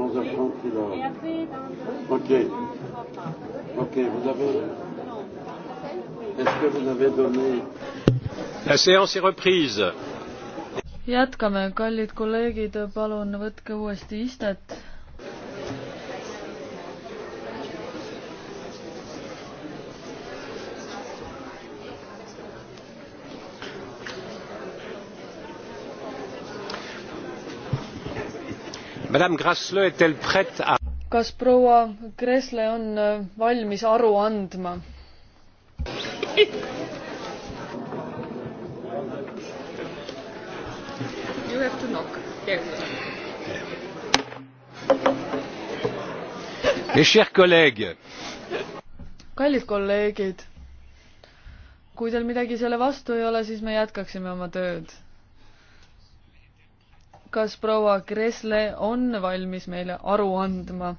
11h30 qu'il a. Et après, dans ok. Ok, vous avez. Est-ce que vous avez donné. La séance est reprise. jätkame, kallid kolleegid, palun võtke uuesti istet kas proua Kressle on äh, valmis aru andma? You have to knock. Yes. Mes chers collègues. kallid kolleegid, kui teil midagi selle vastu ei ole, siis me jätkaksime oma tööd kas proua Kresle on valmis meile aru andma?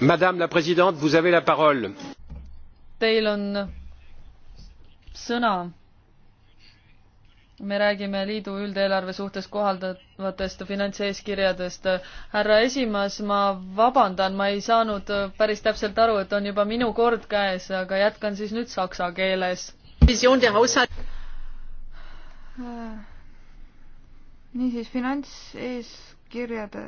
Madame la présidente, vous avez la parole. Teil on sõna me räägime liidu üldeelarve suhtes kohaldavatest finantseeskirjadest. härra esimees, ma vabandan, ma ei saanud päris täpselt aru, et on juba minu kord käes, aga jätkan siis nüüd saksa keeles. niisiis, finantseeskirjade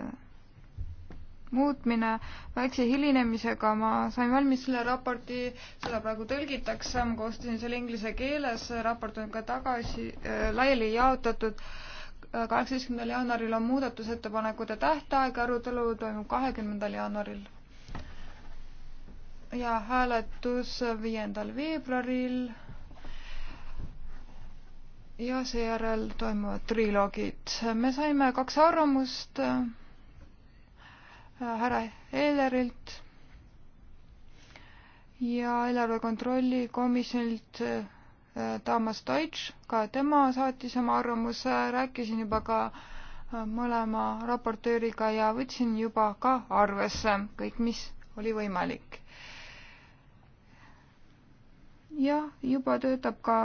muutmine. väikse hilinemisega ma sain valmis selle raporti, seda praegu tõlgitakse, ma koostasin selle inglise keeles, raport on ka tagasi äh, laiali jaotatud. kaheksateistkümnendal jaanuaril on muudatusettepanekute tähtaeg, arutelu toimub kahekümnendal jaanuaril. ja hääletus viiendal veebruaril. ja seejärel toimuvad triloogid. me saime kaks arvamust Äh, härra Ehlerilt ja eelarve kontrolli komisjonilt äh, Toomas Deutsch, ka tema saatis oma arvamuse, rääkisin juba ka äh, mõlema raportööriga ja võtsin juba ka arvesse kõik, mis oli võimalik jah, juba töötab ka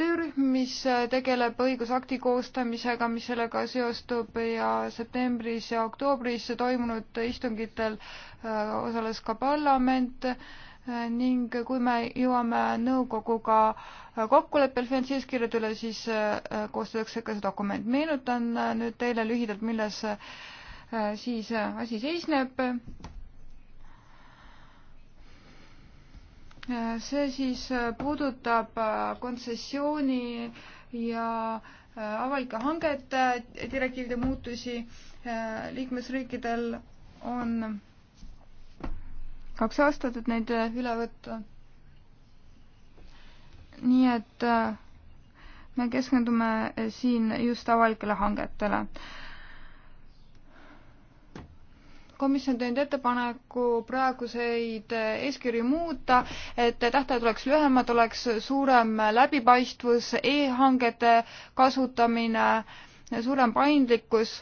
töörühm, mis äh, tegeleb õigusakti koostamisega, mis sellega seostub ja septembris ja oktoobris toimunud istungitel äh, osales ka parlament äh, ning kui me jõuame nõukoguga kokkuleppel finantseerimiskirjade üle, siis koostatakse ka see dokument. meenutan nüüd teile lühidalt, milles siis asi seisneb see siis puudutab äh, kontsessiooni ja äh, avalike hangete direktiivide muutusi. Äh, liikmesriikidel on kaks aastat, et neid üle võtta. nii et me keskendume siin just avalikele hangetele komisjon teinud ettepaneku praeguseid eeskirju muuta, et tähtajad oleks lühemad, oleks suurem läbipaistvus e, e-hangete kasutamine, suurem paindlikkus.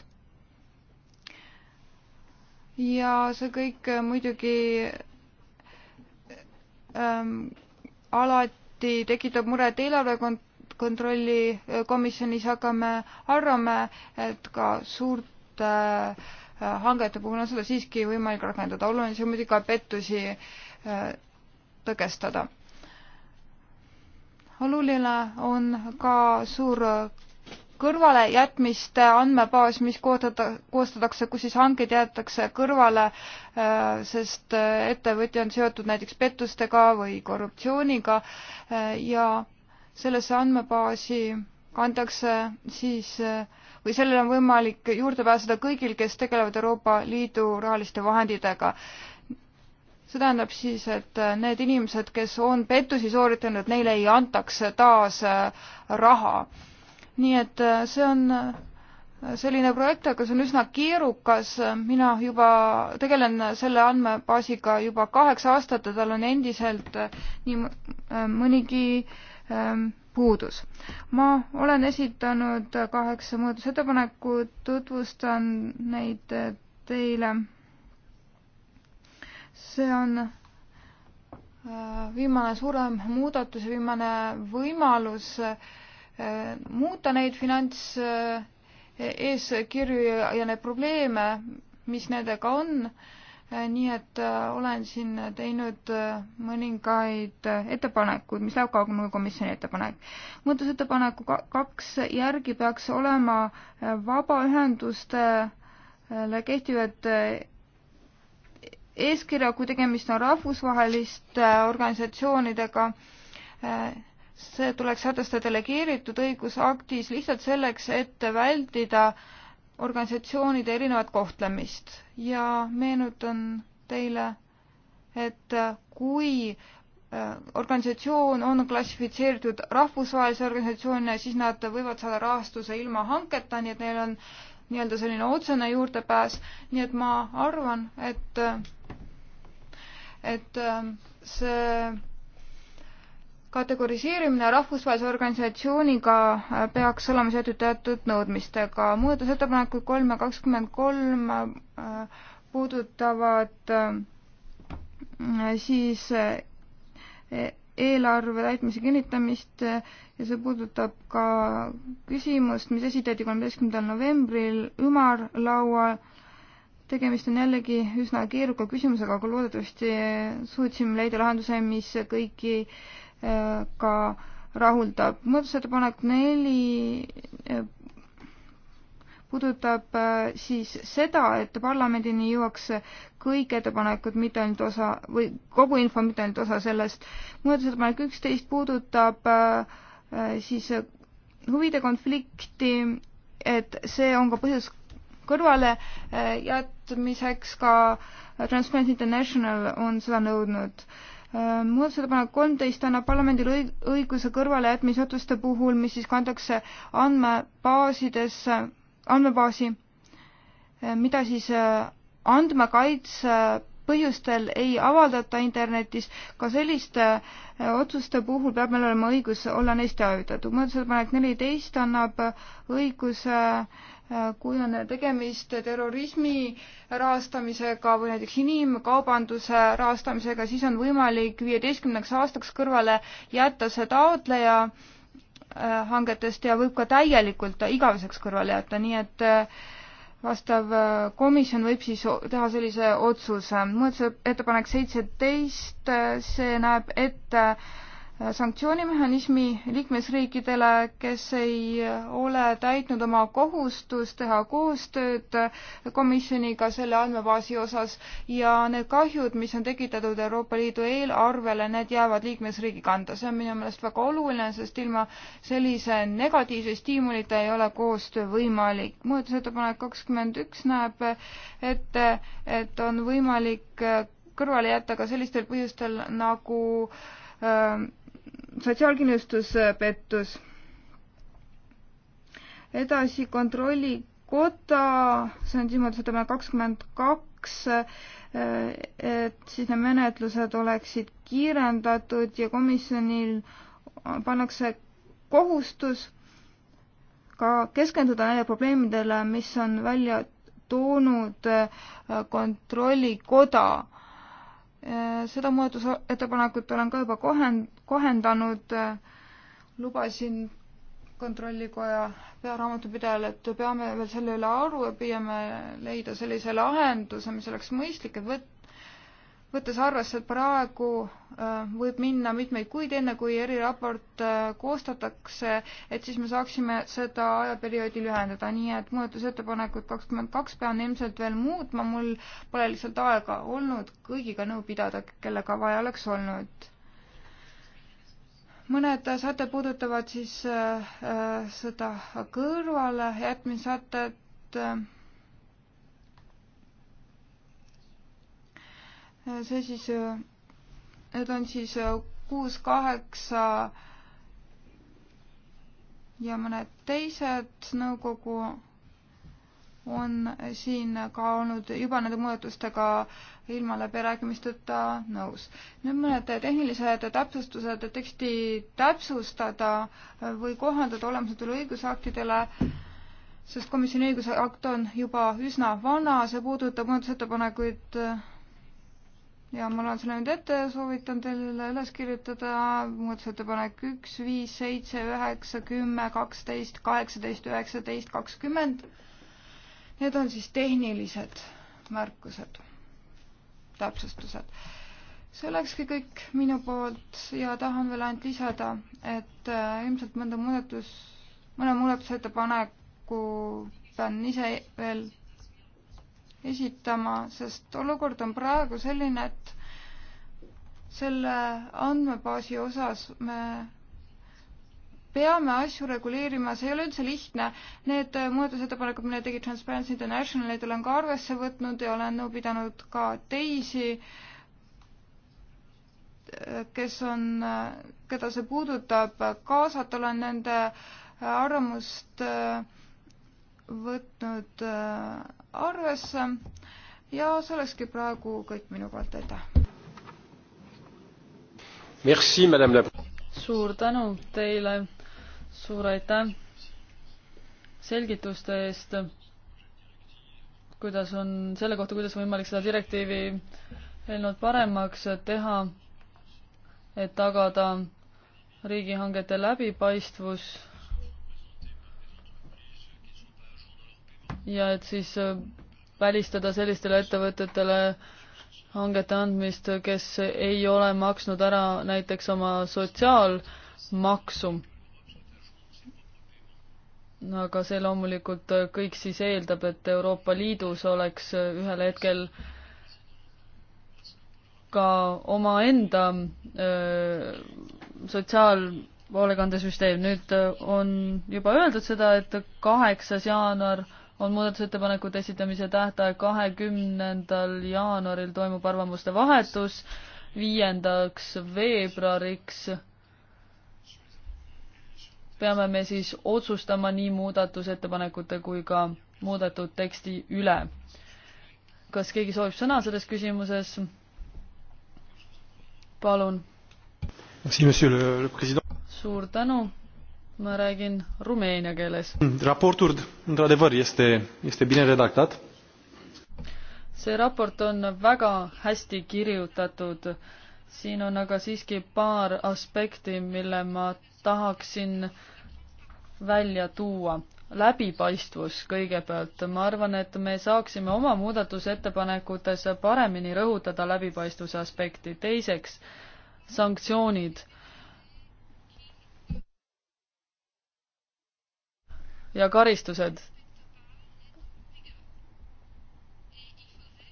ja see kõik muidugi ähm, alati tekitab muret eelarve kont-, kontrolli komisjonis, aga me arvame, et ka suurte äh, hangete puhul on seda siiski võimalik rakendada. oluline on muidugi ka pettusi äh, tõkestada. oluline on ka suur kõrvalejätmiste andmebaas, mis koostada, koostatakse, kus siis hanked jäetakse kõrvale, äh, sest äh, ettevõtja on seotud näiteks pettustega või korruptsiooniga ja sellesse andmebaasi kantakse siis äh, või sellele on võimalik juurde pääseda kõigil, kes tegelevad Euroopa Liidu rahaliste vahenditega. see tähendab siis, et need inimesed, kes on pettusi sooritanud, neile ei antaks taas äh, raha. nii et äh, see on äh, selline projekt, aga see on üsna keerukas, mina juba tegelen selle andmebaasiga juba kaheksa aastat ja tal on endiselt nii mõnigi ähm, puudus. ma olen esitanud kaheksa muudatusettepanekut, tutvustan neid teile. see on äh, viimane suurem muudatus ja viimane võimalus äh, muuta neid finantseeskirju äh, ja neid probleeme, mis nendega on Äh, nii et äh, olen siin teinud äh, mõningaid ettepanekuid, mis läheb kaugemale kui komisjoni ettepanek. muudatusettepaneku kaks järgi peaks olema vabaühendustele kehtivad eeskirja, kui tegemist on rahvusvaheliste organisatsioonidega, see tuleks sätestada delegeeritud õigusaktis lihtsalt selleks, et vältida äh, organisatsioonide erinevat kohtlemist ja meenutan teile, et kui äh, organisatsioon on klassifitseeritud rahvusvahelise organisatsioonina, siis nad võivad saada rahastuse ilma hanketa, nii et neil on nii-öelda selline otsene juurdepääs, nii et ma arvan, et et äh, see kategoriseerimine rahvusvahelise organisatsiooniga äh, peaks olema seotud teatud nõudmistega. muudatusettepanekud kolm ja kakskümmend kolm äh, puudutavad äh, siis eelarve täitmise kinnitamist ja see puudutab ka küsimust, mis esitati kolmeteistkümnendal novembril ümarlaual. tegemist on jällegi üsna keeruka küsimusega, aga loodetavasti suutsime leida lahenduse, mis kõiki äh, ka rahuldab. muudatusettepanek neli eh, puudutab eh, siis seda, et parlamendini jõuaks kõik ettepanekud, mitte ainult osa või kogu info, mitte ainult osa sellest. muudatusettepanek üksteist puudutab eh, siis huvide konflikti, et see on ka põhjus kõrvale jätmiseks, ka Transparency International on seda nõudnud muudatusettepanek kolmteist annab parlamendile õiguse kõrvalejätmise otsuste puhul, mis siis kantakse andmebaasidesse, andmebaasi, mida siis äh, andmekaitse põhjustel ei avaldata internetis, ka selliste äh, otsuste puhul peab meil olema õigus olla neist teavitatud. muudatusettepanek neliteist annab õiguse Äh, kui on tegemist terrorismi rahastamisega või näiteks inimkaubanduse rahastamisega, siis on võimalik viieteistkümneks aastaks kõrvale jätta see taotleja äh, hangetest ja võib ka täielikult igaveseks kõrvale jätta, nii et äh, vastav komisjon võib siis teha sellise otsuse. muudatusettepanek seitseteist, see näeb ette sanktsioonimehhanismi liikmesriikidele, kes ei ole täitnud oma kohustust teha koostööd komisjoniga selle andmebaasi osas ja need kahjud, mis on tekitatud Euroopa Liidu eelarvele, need jäävad liikmesriigi kanda. see on minu meelest väga oluline, sest ilma sellise negatiivse stiimulita ei ole koostöö võimalik. muudatusettepanek kakskümmend üks näeb ette, et on võimalik kõrvale jätta ka sellistel põhjustel nagu öö, ähm, sotsiaalkindlustuspettus. edasi kontrollikoda, see on siis muudatusettepanek kakskümmend kaks, et siis need menetlused oleksid kiirendatud ja komisjonil pannakse kohustus ka keskenduda neile probleemidele, mis on välja toonud äh, kontrollikoda Äh, seda muudatusettepanekut olen ka juba kohend-, kohendanud, äh, lubasin kontrollikoja pearaamatupidajale, et peame veel selle üle aru ja püüame leida sellise lahenduse, mis oleks mõistlik, et võt-, võttes arvesse, et praegu äh, võib minna mitmeid kuid, enne kui eriraport äh, koostatakse, et siis me saaksime seda ajaperioodi lühendada, nii et muudatusettepanekut kakskümmend kaks pean ilmselt veel muutma, mul pole lihtsalt aega olnud kõigiga nõu pidada, kellega vaja oleks olnud mõned sätted puudutavad siis äh, äh seda kõrvalejätmissätet äh, see siis, need on siis äh, kuus, kaheksa ja mõned teised nõukogu on siin ka olnud juba nende muudatustega ilma läbirääkimisteta nõus. nüüd mõned tehnilised täpsustused, et teksti täpsustada või kohandada olemasolevatele õigusaktidele, sest komisjoni õigusakt on juba üsna vana, see puudutab muudatusettepanekuid ja ma loen selle nüüd ette ja soovitan teile üles kirjutada muudatusettepanek üks, viis, seitse, üheksa, kümme, kaksteist, kaheksateist, üheksateist, kakskümmend. Need on siis tehnilised märkused, täpsustused. see olekski kõik minu poolt ja tahan veel ainult lisada, et äh, ilmselt mõnda muudatus, mõne muudatusettepaneku pean ise veel esitama, sest olukord on praegu selline, et selle andmebaasi osas me peame asju reguleerima, see ei ole üldse lihtne. Need muudatusettepanekud, mille tegi Transparency International, neid olen ka arvesse võtnud ja olen nõu pidanud ka teisi, kes on, keda see puudutab, kaasata olen nende arvamust äh, võtnud äh, arvesse ja see olekski praegu kõik minu poolt, aitäh! suur tänu teile, suur aitäh selgituste eest, kuidas on, selle kohta, kuidas võimalik seda direktiivi eelnõud paremaks teha, et tagada riigihangete läbipaistvus ja et siis äh, välistada sellistele ettevõtetele hangete andmist, kes ei ole maksnud ära näiteks oma sotsiaalmaksu. aga see loomulikult äh, kõik siis eeldab, et Euroopa Liidus oleks äh, ühel hetkel ka omaenda sotsiaalhoolekandesüsteem, nüüd on juba öeldud seda, et kaheksas jaanuar on muudatusettepanekute esitamise tähtaeg kahekümnendal jaanuaril toimub arvamuste vahetus, viiendaks veebruariks peame me siis otsustama nii muudatusettepanekute kui ka muudetud teksti üle. kas keegi soovib sõna selles küsimuses? palun. suur tänu ma räägin rumeenia keeles. raportul într adevăr este este bine redactat. see raport on väga hästi kirjutatud. siin on aga siiski paar aspekti, mille ma tahaksin välja tuua. läbipaistvus kõigepealt, ma arvan, et me saaksime oma muudatusettepanekutes paremini rõhutada läbipaistvuse aspekti. teiseks, sanktsioonid ja karistused.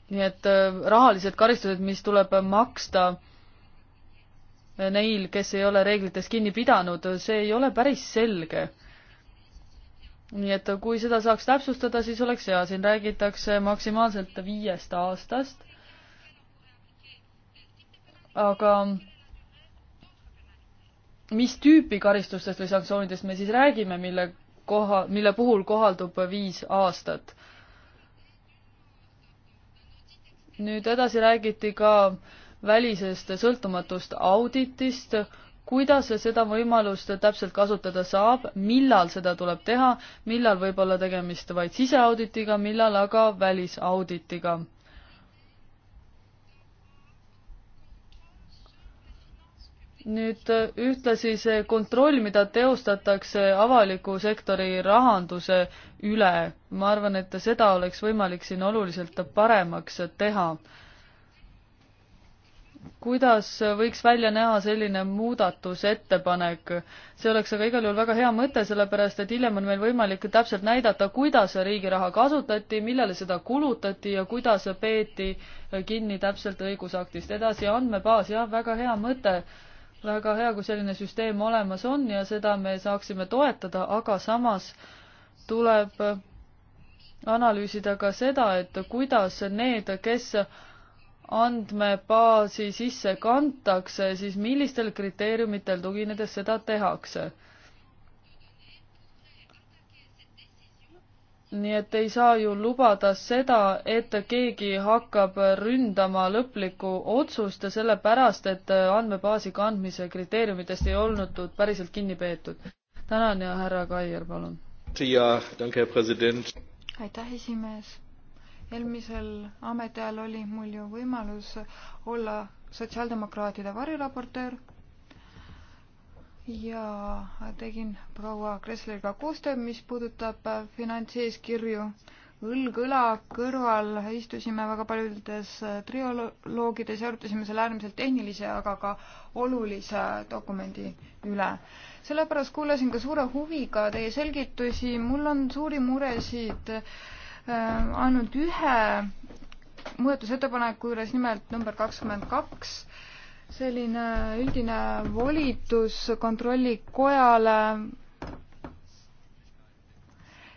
nii et äh, rahalised karistused, mis tuleb maksta äh, neil, kes ei ole reeglitest kinni pidanud, see ei ole päris selge. nii et kui seda saaks täpsustada, siis oleks hea, siin räägitakse maksimaalselt viiest aastast, aga mis tüüpi karistustest või sanktsioonidest me siis räägime, mille koha, mille puhul kohaldub viis aastat. nüüd edasi räägiti ka välisest sõltumatust auditist, kuidas seda võimalust täpselt kasutada saab, millal seda tuleb teha, millal võib olla tegemist vaid siseauditiga, millal aga välisauditiga nüüd äh, ühtlasi see kontroll, mida teostatakse avaliku sektori rahanduse üle, ma arvan, et seda oleks võimalik siin oluliselt paremaks teha. kuidas võiks välja näha selline muudatusettepanek? see oleks aga igal juhul väga hea mõte, sellepärast et hiljem on meil võimalik täpselt näidata, kuidas riigi raha kasutati, millele seda kulutati ja kuidas peeti kinni täpselt õigusaktist. edasi andmebaas, jah, väga hea mõte väga hea, kui selline süsteem olemas on ja seda me saaksime toetada, aga samas tuleb analüüsida ka seda, et kuidas need, kes andmebaasi sisse kantakse, siis millistel kriteeriumitel tuginedes seda tehakse nii et ei saa ju lubada seda, et keegi hakkab ründama lõplikku otsust ja sellepärast, et andmebaasi kandmise kriteeriumitest ei olnud päriselt kinni peetud. tänan ja härra Kaier, palun. aitäh, esimees. eelmisel ametiajal oli mul ju võimalus olla sotsiaaldemokraatide variraportöör ja tegin proua Kressleriga koostööd, mis puudutab äh, finantseeskirju. õlg õla kõrval istusime väga paljudes äh, trioloogides ja arutasime selle äärmiselt tehnilise, aga ka olulise dokumendi üle. sellepärast kuulasin ka suure huviga teie selgitusi, mul on suuri muresid äh, ainult ühe muudatusettepaneku juures, nimelt number kakskümmend kaks selline üldine volitus kontrollikojale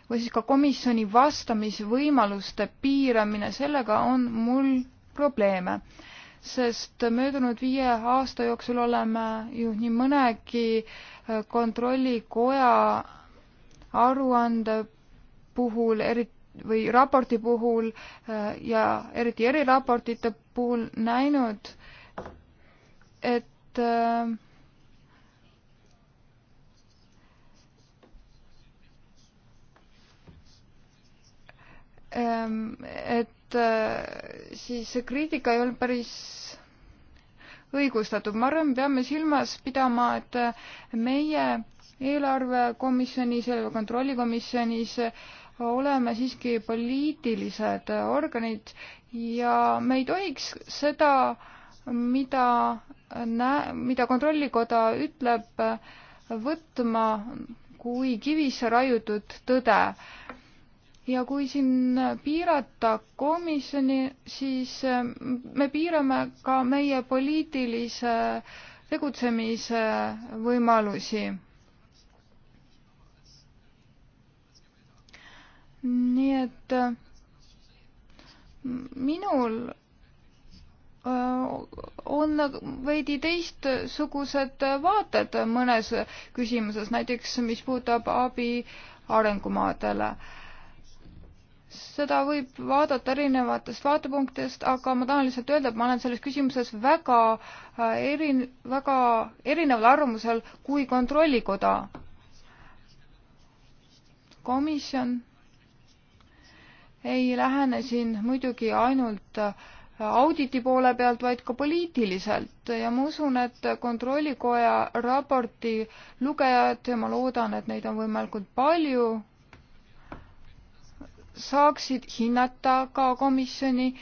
või siis ka komisjoni vastamisvõimaluste piiramine, sellega on mul probleeme, sest möödunud viie aasta jooksul oleme ju nii mõnegi kontrollikoja aruande puhul, eriti või raporti puhul äh, ja eriti eriraportite puhul näinud, et ähm, et äh, siis see kriitika ei olnud päris õigustatud. ma arvan, peame silmas pidama, et meie eelarvekomisjonis, eelarve kontrollikomisjonis oleme siiski poliitilised organid ja me ei tohiks seda äh, mida nä-, mida Kontrollikoda ütleb võtma kui kivisse raiutud tõde. ja kui siin piirata komisjoni, siis mm, me piirame ka meie poliitilise tegutsemise võimalusi. nii et mm, minul Äh, on veidi teistsugused vaated mõnes küsimuses, näiteks mis puudutab abi arengumaadele. seda võib vaadata erinevatest vaatepunktidest, aga ma tahan lihtsalt öelda, et ma olen selles küsimuses väga äh, eri, väga erineval arvamusel kui Kontrollikoda. komisjon ei lähene siin muidugi ainult äh, auditi poole pealt, vaid ka poliitiliselt ja ma usun, et Kontrollikoja raporti lugejad ja ma loodan, et neid on võimalikult palju, saaksid hinnata ka komisjoni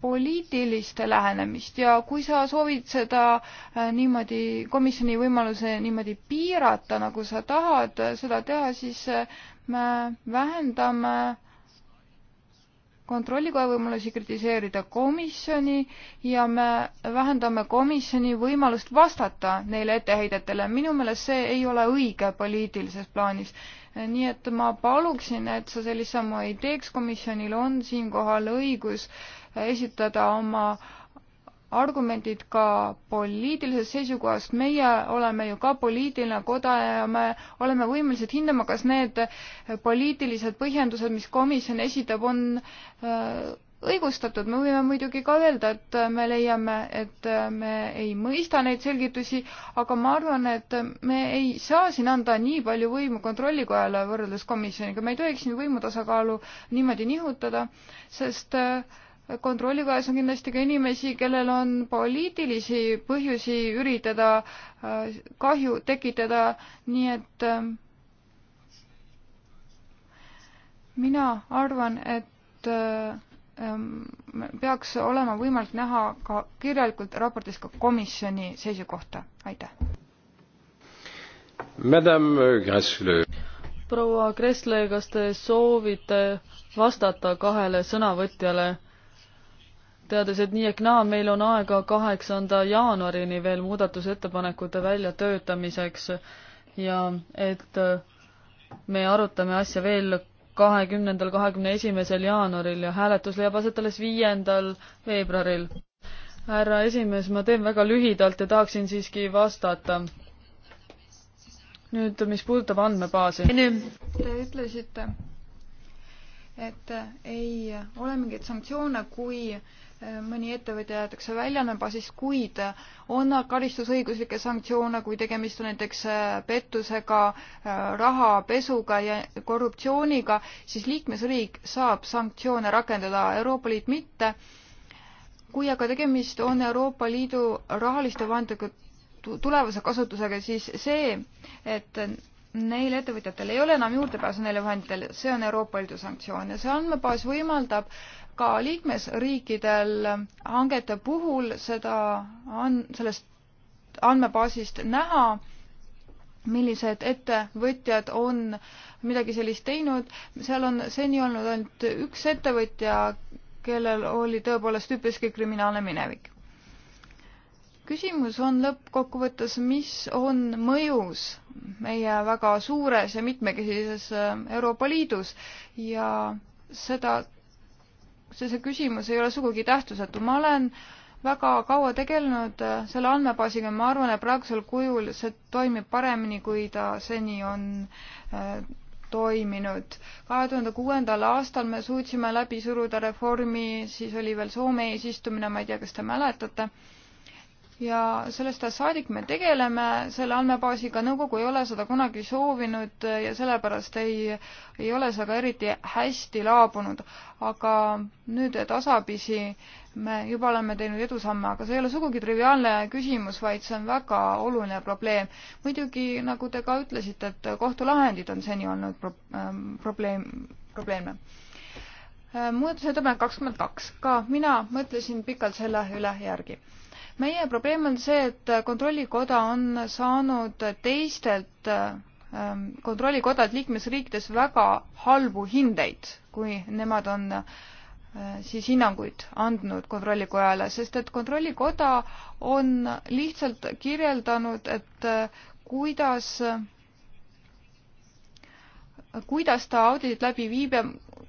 poliitilist lähenemist ja kui sa soovid seda äh, niimoodi, komisjoni võimaluse niimoodi piirata, nagu sa tahad äh, seda teha, siis äh, me vähendame kontrollikoja võimalusi kritiseerida komisjoni ja me vähendame komisjoni võimalust vastata neile etteheidetele. minu meelest see ei ole õige poliitilises plaanis. nii et ma paluksin, et sa sellist sammu ei teeks, komisjonil on siinkohal õigus esitada oma äh, argumendid ka poliitilisest seisukohast, meie oleme ju ka poliitiline koda ja me oleme võimelised hindama, kas need poliitilised põhjendused, mis komisjon esitab, on äh, õigustatud, me võime muidugi ka öelda, et me leiame, et me ei mõista neid selgitusi, aga ma arvan, et me ei saa siin anda nii palju võimu kontrollikojale võrreldes komisjoniga, me ei tohiks siin võimu tasakaalu niimoodi nihutada, sest äh, kontrollikojas on kindlasti ka inimesi, kellel on poliitilisi põhjusi üritada äh, kahju tekitada, nii et äh, mina arvan, et äh, ähm, peaks olema võimalik näha ka kirjalikult raportis ka komisjoni seisukohta, aitäh. proua Kressle, kas te soovite vastata kahele sõnavõtjale? teades, et nii ehk naa, meil on aega kaheksanda jaanuarini veel muudatusettepanekute väljatöötamiseks ja et äh, me arutame asja veel kahekümnendal, kahekümne esimesel jaanuaril ja hääletus leiab aset alles viiendal veebruaril. härra esimees, ma teen väga lühidalt ja tahaksin siiski vastata. nüüd, mis puudutab andmebaasi. Te ütlesite, et ei ole mingeid sanktsioone, kui äh, mõni ettevõtja jäetakse välja nabasist, kuid on karistusõiguslikke sanktsioone, kui tegemist on näiteks äh, pettusega, äh, rahapesuga ja korruptsiooniga, siis liikmesriik saab sanktsioone rakendada, Euroopa Liit mitte. kui aga tegemist on Euroopa Liidu rahaliste vahenditega tulevase kasutusega, siis see, et neil ettevõtjatel ei ole enam juurdepääsu neile vahenditele, see on Euroopa Liidu sanktsioon ja see andmebaas võimaldab äh, ka liikmesriikidel hangete puhul seda on, sellest andmebaasist näha, millised ettevõtjad on midagi sellist teinud, seal on seni olnud ainult üks ettevõtja, kellel oli tõepoolest üpriski kriminaalne minevik. küsimus on lõppkokkuvõttes, mis on mõjus meie väga suures ja mitmekesises Euroopa Liidus ja seda see, see küsimus ei ole sugugi tähtsusetu. ma olen väga kaua tegelenud äh, selle andmebaasiga, ma arvan, et praegusel kujul see toimib paremini, kui ta seni on äh, toiminud. kahe tuhande kuuendal aastal me suutsime läbi suruda reformi, siis oli veel Soome eesistumine, ma ei tea, kas te mäletate ja sellest ajast saadik me tegeleme selle andmebaasiga, nõukogu ei ole seda kunagi soovinud ja sellepärast ei, ei ole see ka eriti hästi laabunud. aga nüüd tasapisi me juba oleme teinud edusamme, aga see ei ole sugugi triviaalne küsimus, vaid see on väga oluline probleem. muidugi, nagu te ka ütlesite, et kohtulahendid on seni olnud pro-, ähm, probleem, probleemne äh, muudatusettepanek kakskümmend kaks, ka mina mõtlesin pikalt selle üle järgi meie probleem on see, et Kontrollikoda on saanud teistelt ähm, kontrollikodad liikmesriikides väga halbu hindeid, kui nemad on äh, siis hinnanguid andnud Kontrollikojale, sest et Kontrollikoda on lihtsalt kirjeldanud, et äh, kuidas kuidas ta auditit läbi viib ja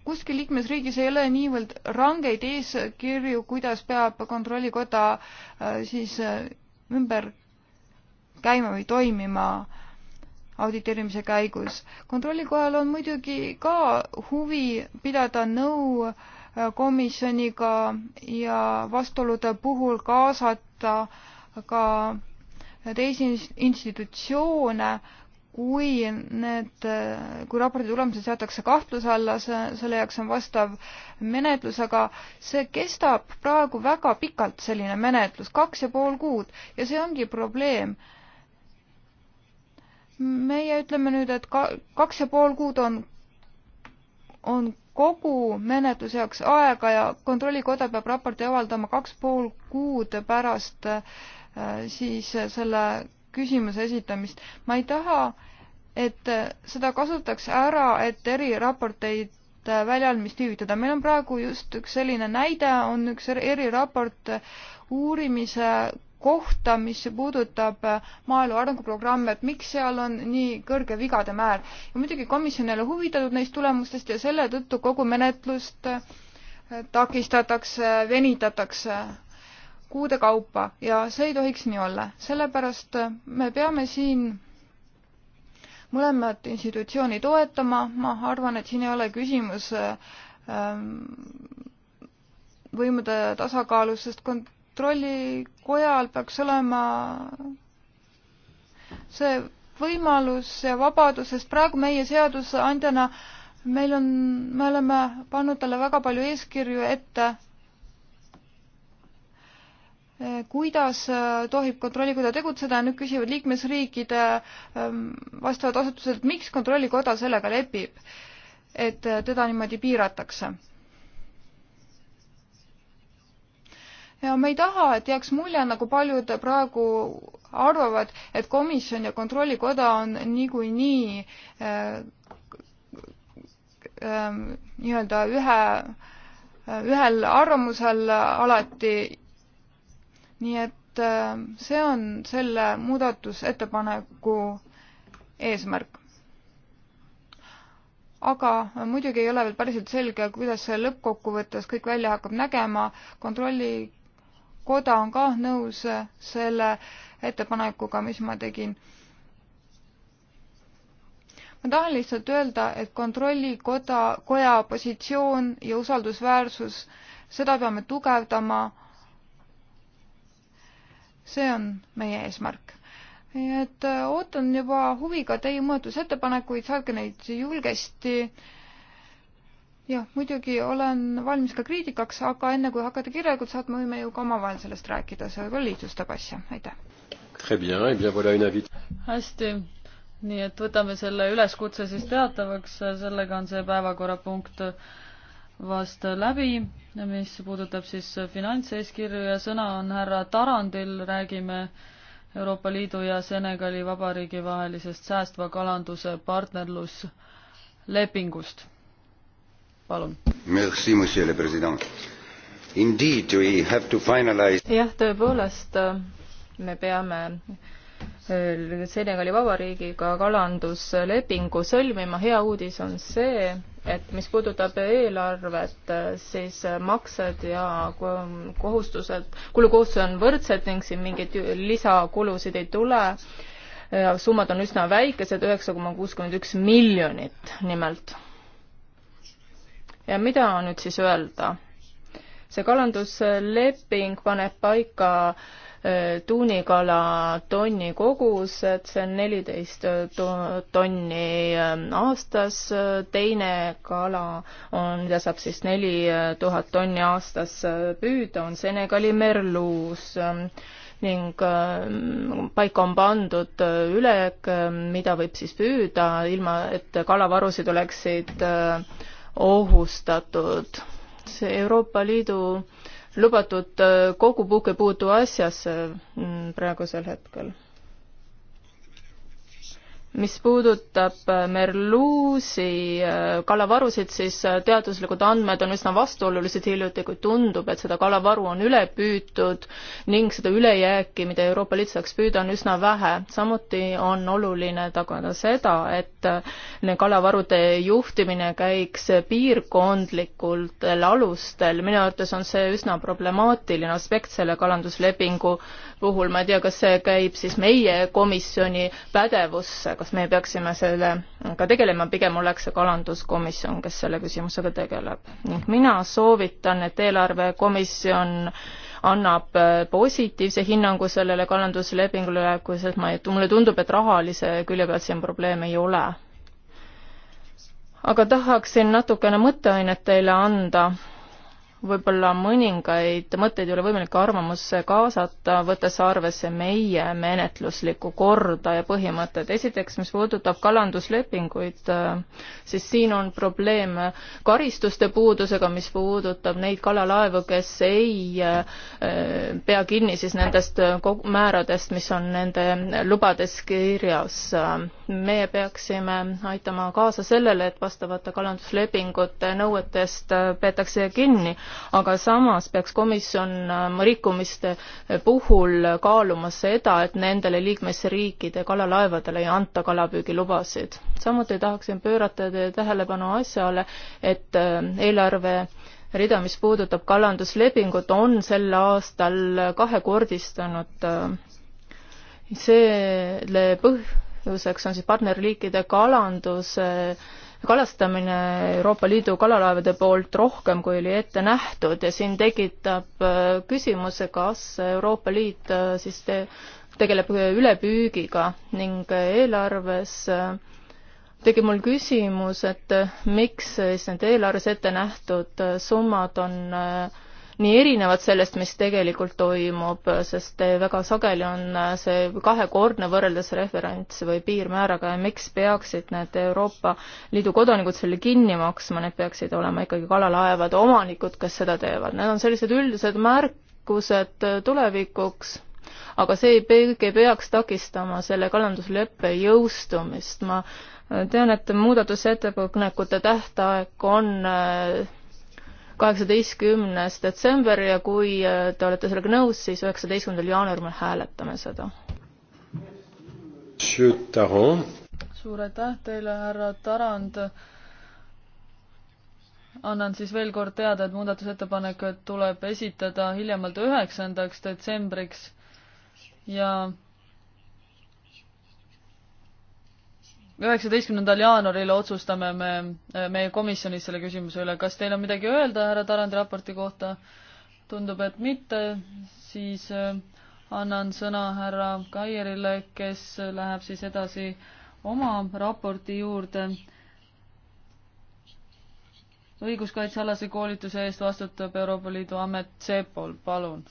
kuskil liikmesriigis ei ole niivõrd rangeid eeskirju, kuidas peab kontrollikoda äh, siis äh, ümber käima või toimima auditeerimise käigus. kontrollikojal on muidugi ka huvi pidada nõu äh, komisjoniga ja vastuolude puhul kaasata ka teisi institutsioone äh, kui need, kui raporti tulemused seatakse kahtluse alla, see, selle jaoks on vastav menetlus, aga see kestab praegu väga pikalt, selline menetlus, kaks ja pool kuud ja see ongi probleem. meie ütleme nüüd, et ka, kaks ja pool kuud on, on kogu menetluse jaoks aega ja Kontrollikoda peab raporti avaldama kaks pool kuud pärast äh, siis selle küsimuse esitamist. ma ei taha, et seda kasutatakse ära, et eriraporteid väljaandmist hüvitada. meil on praegu just üks selline näide, on üks eriraport uurimise kohta, mis puudutab maaelu arenguprogramme, et miks seal on nii kõrge vigade määr. ja muidugi komisjon ei ole huvitatud neist tulemustest ja selle tõttu kogu menetlust takistatakse, venitatakse kuude kaupa ja see ei tohiks nii olla, sellepärast me peame siin mõlemat institutsiooni toetama, ma arvan, et siin ei ole küsimus ähm, võimude tasakaalus, sest kontrollikojal peaks olema see võimalus ja vabadus, sest praegu meie seadusandjana meil on, me oleme pannud talle väga palju eeskirju ette Eh, kuidas eh, tohib Kontrollikoda tegutseda ja nüüd küsivad liikmesriikide ehm, vastavad asutused, miks Kontrollikoda sellega lepib, et eh, teda niimoodi piiratakse. ja me ei taha, et jääks mulje, nagu paljud praegu arvavad, et komisjon ja Kontrollikoda on niikuinii ehm, nii-öelda nii ühe ühel arvamusel alati nii et äh, see on selle muudatusettepaneku eesmärk. aga muidugi ei ole veel päriselt selge, kuidas see lõppkokkuvõttes kõik välja hakkab nägema, kontrollikoda on ka nõus selle ettepanekuga, mis ma tegin ma tahan lihtsalt öelda, et kontrollikoda, koja positsioon ja usaldusväärsus, seda peame tugevdama see on meie eesmärk. nii et äh, ootan juba huviga teie muudatusettepanekuid, saage neid julgesti. jah, muidugi olen valmis ka kriitikaks, aga enne kui hakata kirjalikult saatma, võime ju ka omavahel sellest rääkida, see võib-olla lihtsustab asja, aitäh. Eh hästi, nii et võtame selle üleskutse siis teatavaks, sellega on see päevakorrapunkt vast läbi, mis puudutab siis finantseeskirju ja sõna on härra Tarandil, räägime Euroopa Liidu ja Senegali Vabariigi vahelisest säästva kalanduse partnerluslepingust. palun. Merci, monsieur le president. Indeed, we have to finalize. jah, tõepoolest, me peame Senegali Vabariigiga kalanduslepingu sõlmima. hea uudis on see, et mis puudutab eelarvet, siis maksed ja kohustused, kulukohustused on võrdsed ning siin mingeid lisakulusid ei tule. summad on üsna väikesed, üheksa koma kuuskümmend üks miljonit nimelt. ja mida nüüd siis öelda? see kalandusleping paneb paika äh, Äh, tuunikala tonni kogused, see on neliteist tonni ähm, aastas, teine kala on, mida saab siis neli äh, tuhat tonni aastas äh, püüda, on Senegali merluus ähm, ning ähm, paika on pandud ülejääk, mida võib siis püüda, ilma et kalavarusid oleksid ohustatud. see Euroopa Liidu äh, lubatud äh, kogu puhkepuutu asjas äh, praegusel hetkel mis puudutab äh, Merluusi äh, kalavarusid, siis äh, teaduslikud andmed on üsna vastuolulised hiljuti, kui tundub, et seda kalavaru on üle püütud ning seda ülejääki, mida Euroopa Liit saaks püüda, on üsna vähe. samuti on oluline tagada seda, et kalavarude juhtimine käiks piirkondlikutel alustel. minu arvates on see üsna problemaatiline aspekt selle kalanduslepingu puhul. ma ei tea, kas see käib siis meie komisjoni pädevusse, kas me peaksime selle ka tegelema, pigem oleks see kalanduskomisjon, kes selle küsimusega tegeleb. ning mina soovitan, et eelarvekomisjon annab äh, positiivse hinnangu sellele kalanduslepingule, kui see, ma, mulle tundub, et rahalise külje pealt siin probleeme ei ole aga tahaksin natukene mõtteainet teile anda võib-olla mõningaid mõtteid ei ole võimalik arvamusse kaasata, võttes arvesse meie menetluslikku korda ja põhimõtted. esiteks, mis puudutab kalanduslepinguid, siis siin on probleem karistuste puudusega, mis puudutab neid kalalaevu, kes ei eh, pea kinni siis nendest määradest, mis on nende lubades kirjas. meie peaksime aitama kaasa sellele, et vastavate kalanduslepingute nõuetest peetakse kinni aga samas peaks komisjon äh, rikkumiste äh, puhul kaaluma seda, et nendele liikmesriikide kalalaevadele ei anta kalapüügilubasid. samuti tahaksin pöörata teie tähelepanu asjaole, et äh, eelarve rida, mis puudutab kalanduslepingut, on sel aastal kahekordistanud selle põh-, põhjuseks on siis partnerriikide kalanduse kalastamine Euroopa Liidu kalalaevade poolt rohkem, kui oli ette nähtud ja siin tekitab äh, küsimuse, kas Euroopa Liit äh, siis te, tegeleb ülepüügiga ning eelarves äh, tegi mul küsimus, et miks siis need eelarves ette nähtud summad on äh, nii erinevad sellest, mis tegelikult toimub, sest väga sageli on see kahekordne võrreldes referents- või piirmääraga ja miks peaksid need Euroopa Liidu kodanikud selle kinni maksma, need peaksid olema ikkagi kalalaevade omanikud, kes seda teevad. Need on sellised üldised märkused tulevikuks aga see ei pe-, peaks takistama selle kalandusleppe jõustumist. ma tean, et muudatusettepanekute tähtaeg on äh, kaheksateistkümnes detsember ja kui äh, te olete sellega nõus, siis üheksateistkümnendal jaanuaril me hääletame seda. suur aitäh teile, härra Tarand. annan siis veel kord teada, et muudatusettepanekud tuleb esitada hiljemalt üheksandaks detsembriks ja üheksateistkümnendal jaanuaril otsustame me, äh, meie komisjonis selle küsimuse üle. kas teil on midagi öelda härra Tarandi raporti kohta? tundub, et mitte, siis äh, annan sõna härra Kaierile, kes läheb siis edasi oma raporti juurde. õiguskaitsealase koolituse eest vastutab Euroopa Liidu amet CEPOL, palun.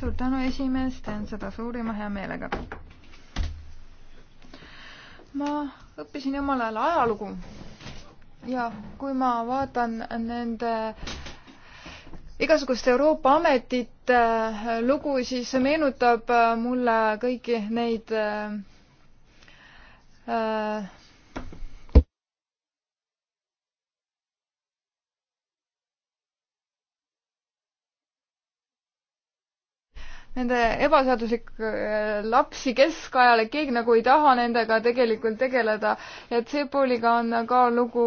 suur tänu, esimees, teen seda suurima heameelega ma õppisin omal ajal ajalugu ja kui ma vaatan nende igasuguste Euroopa ametite äh, lugu, siis see meenutab äh, mulle kõiki neid äh, äh nende ebaseaduslik äh, lapsi keskajale, keegi nagu ei taha nendega tegelikult tegeleda. ja CEPOL-iga on ka lugu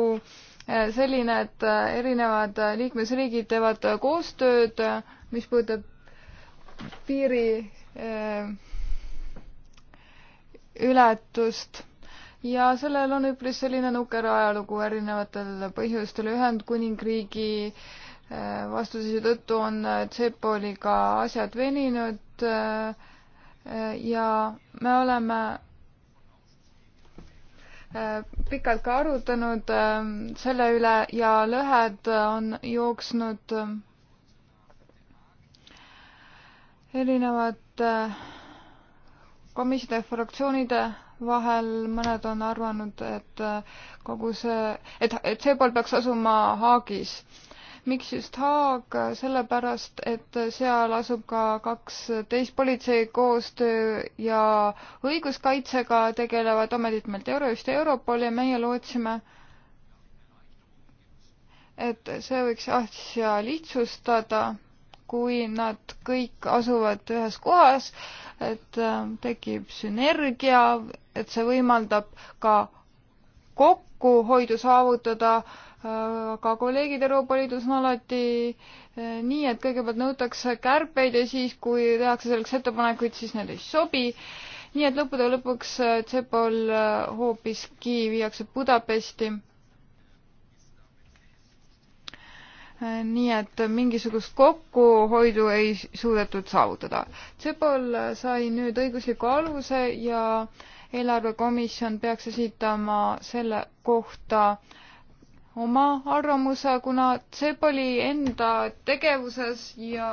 äh, selline, et äh, erinevad liikmesriigid teevad koostööd, mis puudutab piiri ületust ja sellel on üpris selline nukker ajalugu erinevatel põhjustel Ühendkuningriigi äh, vastuseisu tõttu on CEPOL-iga asjad veninud äh, ja me oleme äh, pikalt ka arutanud äh, selle üle ja lõhed on jooksnud erinevate komisjonide ja fraktsioonide vahel, mõned on arvanud, et kogu see, et, et see pool peaks asuma Haagis miks just Haag, sellepärast et seal asub ka kaks teist politsei koostöö ja õiguskaitsega tegelevad ametid meilt Eurojust ja Europol ja meie lootsime, et see võiks asja lihtsustada, kui nad kõik asuvad ühes kohas, et äh, tekib sünergia, et see võimaldab ka kokkuhoidu saavutada äh, aga kolleegid Euroopa Liidus on alati eh, nii, et kõigepealt nõutakse kärpeid ja siis, kui tehakse selleks ettepanekuid, siis need ei sobi. nii et lõppude lõpuks eh, Tsepol eh, hoopiski viiakse Budapesti. nii et mingisugust kokkuhoidu ei suudetud saavutada. Tsepol sai nüüd õigusliku aluse ja eelarvekomisjon peaks esitama selle kohta äh, oma arvamuse, kuna Tsepoli enda tegevuses ja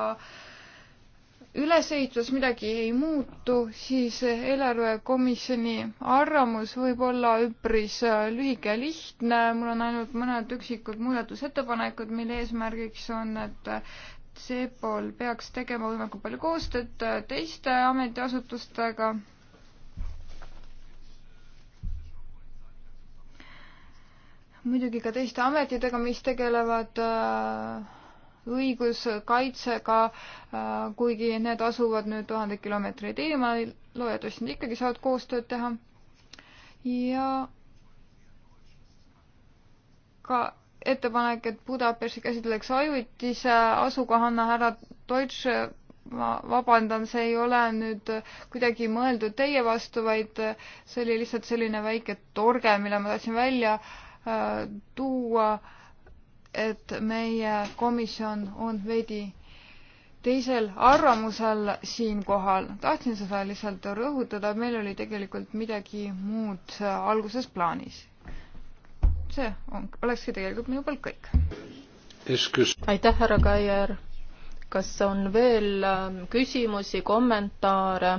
ülesehituses midagi ei muutu, siis eelarvekomisjoni arvamus võib olla üpris äh, lühike ja lihtne, mul on ainult mõned üksikud muudatusettepanekud, mille eesmärgiks on, et äh, Tsepol peaks tegema võimalikult palju koostööd äh, teiste ametiasutustega muidugi ka teiste ametitega, mis tegelevad äh, õiguskaitsega, äh, kuigi need asuvad nüüd tuhandeid kilomeetreid eemal, loodetavasti nad ikkagi saavad koostööd teha. ja ka ettepanek, et Budapesti käsitleks ajutise asukohana härra Deutsch, ma vabandan, see ei ole nüüd kuidagi mõeldud teie vastu, vaid see oli lihtsalt selline väike torge, mille ma tahtsin välja äh, Äh, tuua, et meie komisjon on veidi teisel arvamusel siinkohal. tahtsin seda lihtsalt rõhutada, meil oli tegelikult midagi muud äh, alguses plaanis. see on, olekski tegelikult minu poolt kõik. aitäh, härra Kaier. kas on veel ähm, küsimusi, kommentaare?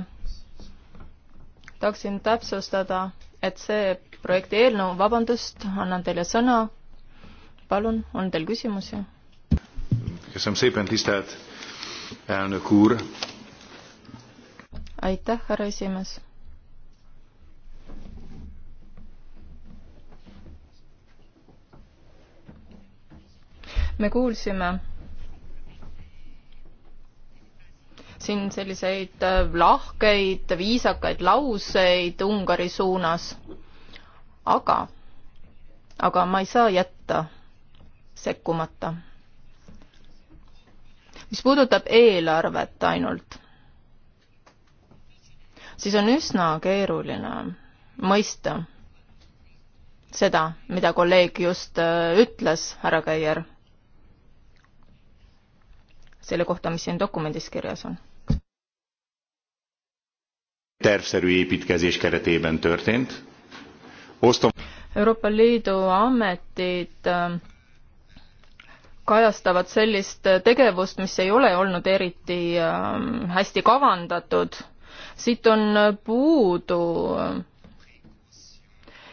tahaksin täpsustada, et see projekti eelnõu, vabandust, annan teile sõna. palun, on teil küsimusi? aitäh, härra esimees me kuulsime siin selliseid lahkeid, viisakaid lauseid Ungari suunas aga, aga ma ei saa jätta sekkumata. mis puudutab eelarvet ainult, siis on üsna keeruline mõista seda, mida kolleeg just äh, ütles, härra Käier, selle kohta, mis siin dokumendis kirjas on. tervszerű építkezés keretében történt Euroopa Liidu ametid äh, kajastavad sellist tegevust, mis ei ole olnud eriti äh, hästi kavandatud. siit on puudu äh,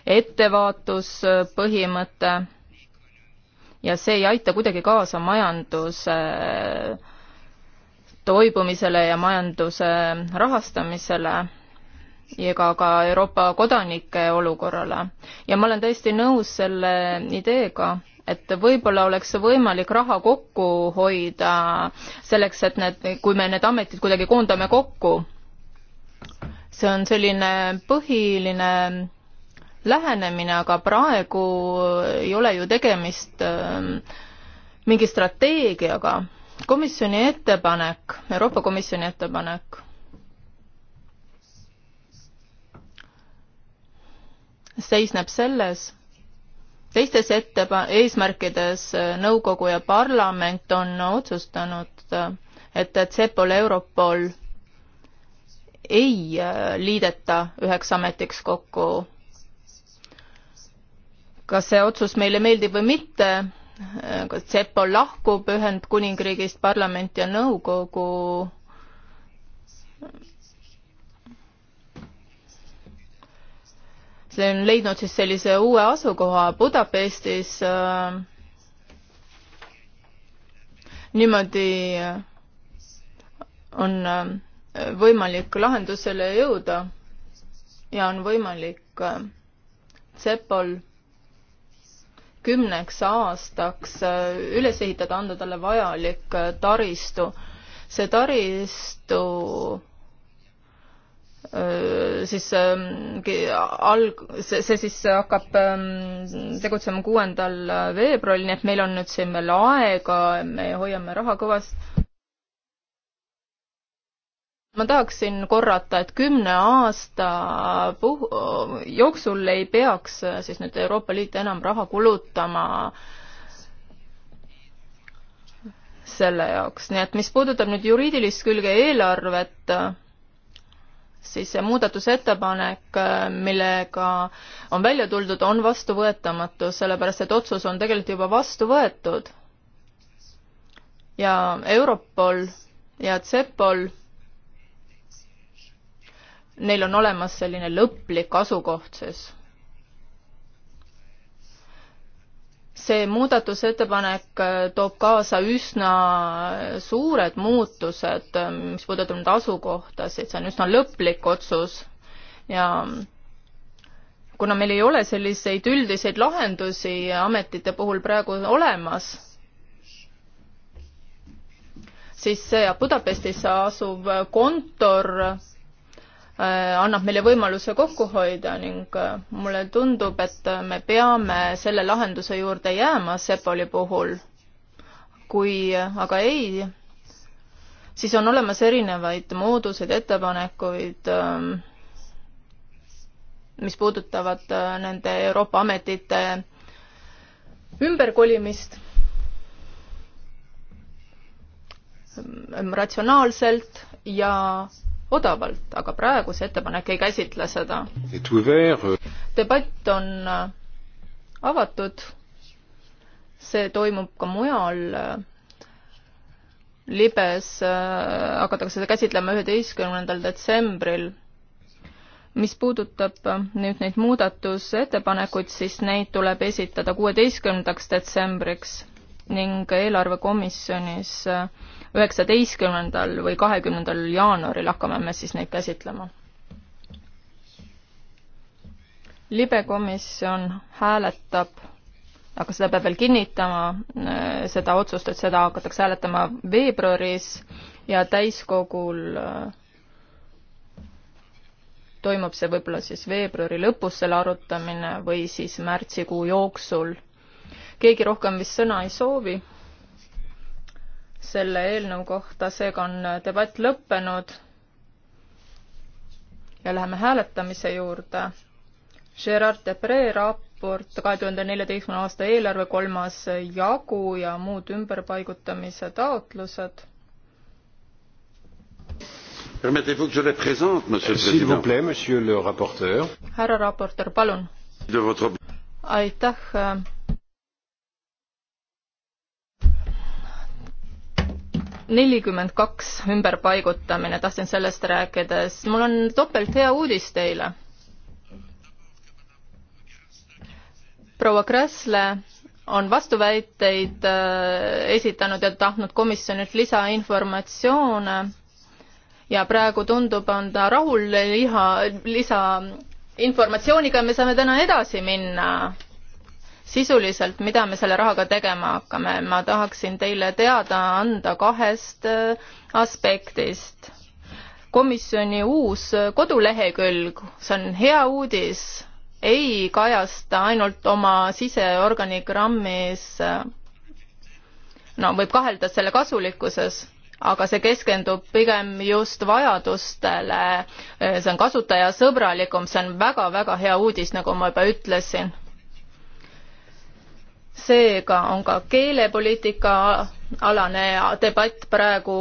ettevaatuspõhimõte ja see ei aita kuidagi kaasa majanduse toibumisele ja majanduse rahastamisele ega ka Euroopa kodanike olukorrale. ja ma olen täiesti nõus selle ideega, et võib-olla oleks võimalik raha kokku hoida selleks, et need, kui me need ametid kuidagi koondame kokku. see on selline põhiline lähenemine, aga praegu ei ole ju tegemist ähm, mingi strateegiaga. komisjoni ettepanek, Euroopa Komisjoni ettepanek seisneb selles, teistes ettepa-, eesmärkides äh, nõukogu ja parlament on otsustanud, äh, et CEPOL ja Europol ei äh, liideta üheks ametiks kokku. kas see otsus meile meeldib või mitte, kas CEPOL lahkub Ühendkuningriigist, parlament ja nõukogu see on leidnud siis sellise uue asukoha Budapestis äh, niimoodi äh, on äh, võimalik lahendusele jõuda ja on võimalik CEPOL äh, kümneks aastaks üles ehitada, anda talle vajalik taristu. see taristu siis ähm, alg-, see, see siis hakkab ähm, tegutsema kuuendal äh, veebruaril, nii et meil on nüüd siin veel aega, me hoiame raha kõvasti. ma tahaksin korrata, et kümne aasta puh-, jooksul ei peaks äh, siis nüüd Euroopa Liit enam raha kulutama selle jaoks, nii et mis puudutab nüüd juriidilist külge eelarvet, siis see muudatusettepanek, millega on välja tuldud, on vastuvõetamatu, sellepärast et otsus on tegelikult juba vastu võetud. ja Europol ja CEPOL, neil on olemas selline lõplik asukoht siis see muudatusettepanek äh, toob kaasa üsna suured muutused, äh, mis puudutab nüüd asukohtasid, see on üsna lõplik otsus ja kuna meil ei ole selliseid üldiseid lahendusi ametite puhul praegu olemas, siis see Budapestis asuv kontor Äh, annab meile võimaluse kokku hoida ning äh, mulle tundub, et me peame selle lahenduse juurde jääma Sepoli puhul. kui aga ei, siis on olemas erinevaid mooduseid, ettepanekuid, ähm, mis puudutavad äh, nende Euroopa ametite ümberkolimist ähm, ratsionaalselt ja odavalt, aga praegu see ettepanek ei käsitle seda. Euh, debatt on äh, avatud, see toimub ka mujal äh, libes äh, hakatakse seda käsitlema üheteistkümnendal detsembril. mis puudutab nüüd neid muudatusettepanekuid, siis neid tuleb esitada kuueteistkümnendaks detsembriks ning eelarvekomisjonis äh, üheksateistkümnendal või kahekümnendal jaanuaril hakkame me siis neid käsitlema. libekomisjon hääletab, aga seda peab veel kinnitama, äh, seda otsust, et seda hakatakse hääletama veebruaris ja täiskogul äh, toimub see võib-olla siis veebruari lõpus, selle arutamine, või siis märtsikuu jooksul keegi rohkem vist sõna ei soovi selle eelnõu kohta, seega on debatt lõppenud. ja läheme hääletamise juurde. Gerard Depree raport kahe tuhande neljateistkümne aasta eelarve kolmas jagu ja muud ümberpaigutamise taotlused. härra raportöör, palun. aitäh nelikümmend kaks ümberpaigutamine, tahtsin sellest rääkida, sest mul on topelt hea uudis teile. proua Kressle on vastuväiteid äh, esitanud ja tahtnud komisjonilt lisainformatsioone ja praegu tundub, on ta rahul liha, lisainformatsiooniga ja me saame täna edasi minna sisuliselt, mida me selle rahaga tegema hakkame. ma tahaksin teile teada anda kahest äh, aspektist. komisjoni uus kodulehekülg, see on hea uudis, ei kajasta ainult oma siseorganigrammis, äh, no võib kahelda selle kasulikkuses aga see keskendub pigem just vajadustele, äh, see on kasutajasõbralikum, see on väga-väga hea uudis, nagu ma juba ütlesin seega on ka keelepoliitika alane debatt praegu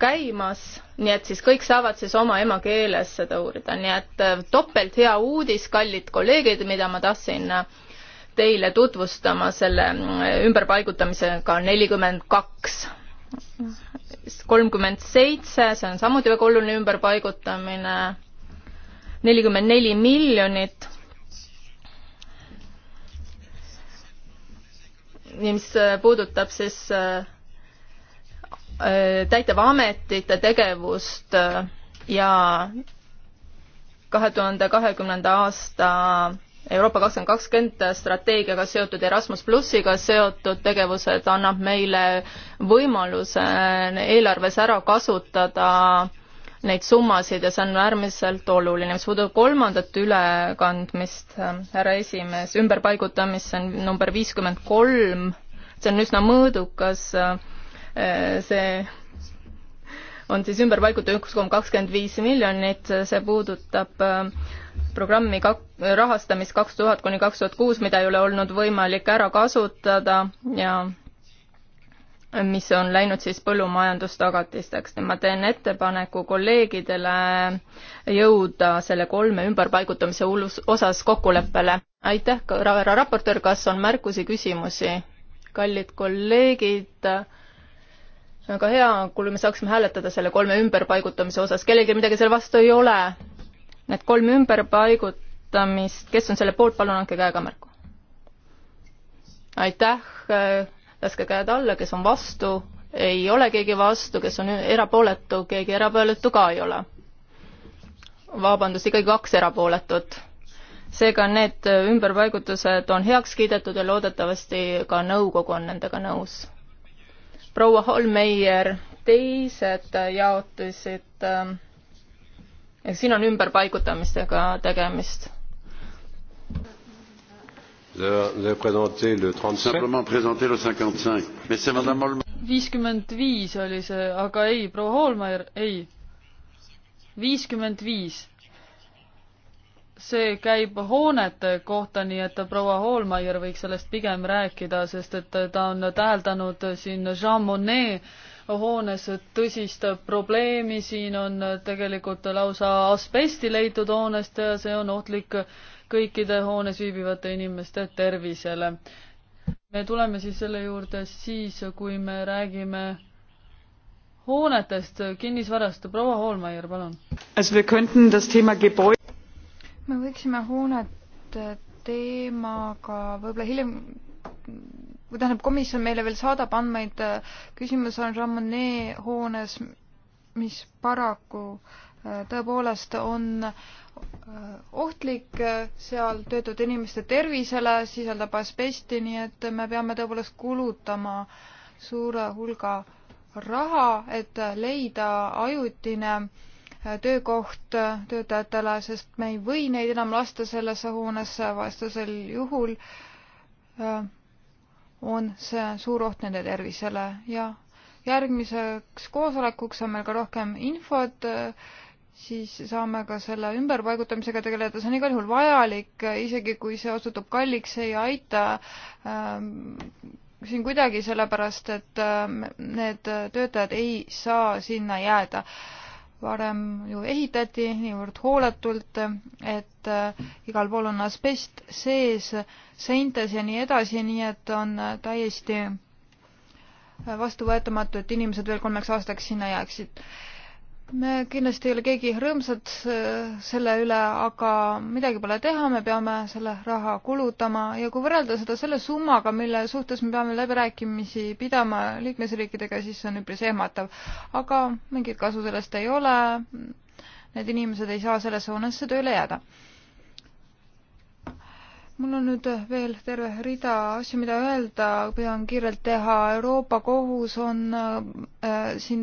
käimas, nii et siis kõik saavad siis oma emakeeles seda uurida, nii et äh, topelt hea uudis, kallid kolleegid, mida ma tahtsin äh, teile tutvustama selle äh, ümberpaigutamisega nelikümmend kaks. kolmkümmend seitse, see on samuti väga oluline ümberpaigutamine, nelikümmend neli miljonit mis äh, puudutab siis äh, äh, täitevametite tegevust ja kahe tuhande kahekümnenda aasta Euroopa kakskümmend kakskümmend strateegiaga seotud Erasmus plussiga seotud tegevused annab meile võimaluse eelarves ära kasutada neid summasid ja see on äärmiselt oluline. mis puudutab kolmandat ülekandmist, äh, härra esimees, ümberpaigutamist, see on number viiskümmend kolm, see on üsna mõõdukas, äh, see on siis ümberpaigutatud üks koma kakskümmend viis miljonit, see puudutab äh, programmi kak-, rahastamist kaks tuhat kuni kaks tuhat kuus, mida ei ole olnud võimalik ära kasutada ja mis on läinud siis põllumajandustagatisteks. ma teen ettepaneku kolleegidele jõuda selle kolme ümberpaigutamise osas kokkuleppele. aitäh, härra raportöör, kas on märkusi, küsimusi? kallid kolleegid, väga hea, kui me saaksime hääletada selle kolme ümberpaigutamise osas, kellelgi midagi selle vastu ei ole. Need kolm ümberpaigutamist, kes on selle poolt, palun andke käega märku. aitäh laske käed alla, kes on vastu, ei ole keegi vastu, kes on erapooletu, keegi erapooletu ka ei ole. vabandust, ikkagi kaks erapooletut. seega need ümberpaigutused on heaks kiidetud ja loodetavasti ka nõukogu on nendega nõus. proua Holmeier, teised jaotusid äh, siin on ümberpaigutamistega tegemist Simplement présenter le 55. Mais c'est Madame Holmeier. viiskümmend viis oli see, aga ei, proua Holmeier, ei. viiskümmend viis. see käib hoonete kohta, nii et proua Holmeier võiks sellest pigem rääkida, sest et ta on täheldanud siin Jean Monnet hoones tõsist probleemi, siin on tegelikult lausa asbesti leitud hoonest ja see on ohtlik kõikide hoones viibivate inimeste tervisele. me tuleme siis selle juurde siis, kui me räägime hoonetest, kinnisvarast. proua Hoolmeier, palun. me võiksime hoonete teemaga võib-olla hiljem või tähendab, komisjon meile veel saadab andmeid. küsimus on Ramonee hoones, mis paraku äh, tõepoolest on äh, ohtlik eh, seal töötavate inimeste tervisele, sisaldab asbesti, nii et me peame tõepoolest kulutama suure hulga raha, et leida ajutine eh, töökoht eh, töötajatele, sest me ei või neid enam lasta sellesse hoonesse, vastasel juhul on see suur oht nende tervisele ja järgmiseks koosolekuks on meil ka rohkem infot siis saame ka selle ümberpaigutamisega tegeleda, see on igal juhul vajalik, isegi kui see osutub kalliks, see ei aita ähm, siin kuidagi, sellepärast et ähm, need töötajad ei saa sinna jääda. varem ju ehitati niivõrd hooletult, et äh, igal pool on asbest sees, seintes ja nii edasi, nii et on täiesti vastuvõetamatu, et inimesed veel kolmeks aastaks sinna jääksid me kindlasti ei ole keegi rõõmsad äh, selle üle, aga midagi pole teha, me peame selle raha kulutama ja kui võrrelda seda selle summaga, mille suhtes me peame läbirääkimisi pidama liikmesriikidega, siis see on üpris ehmatav. aga mingit kasu sellest ei ole. Need inimesed ei saa sellesse hoonesse tööle jääda mul on nüüd veel terve rida asju, mida öelda, püüan kiirelt teha. Euroopa Kohus on äh, siin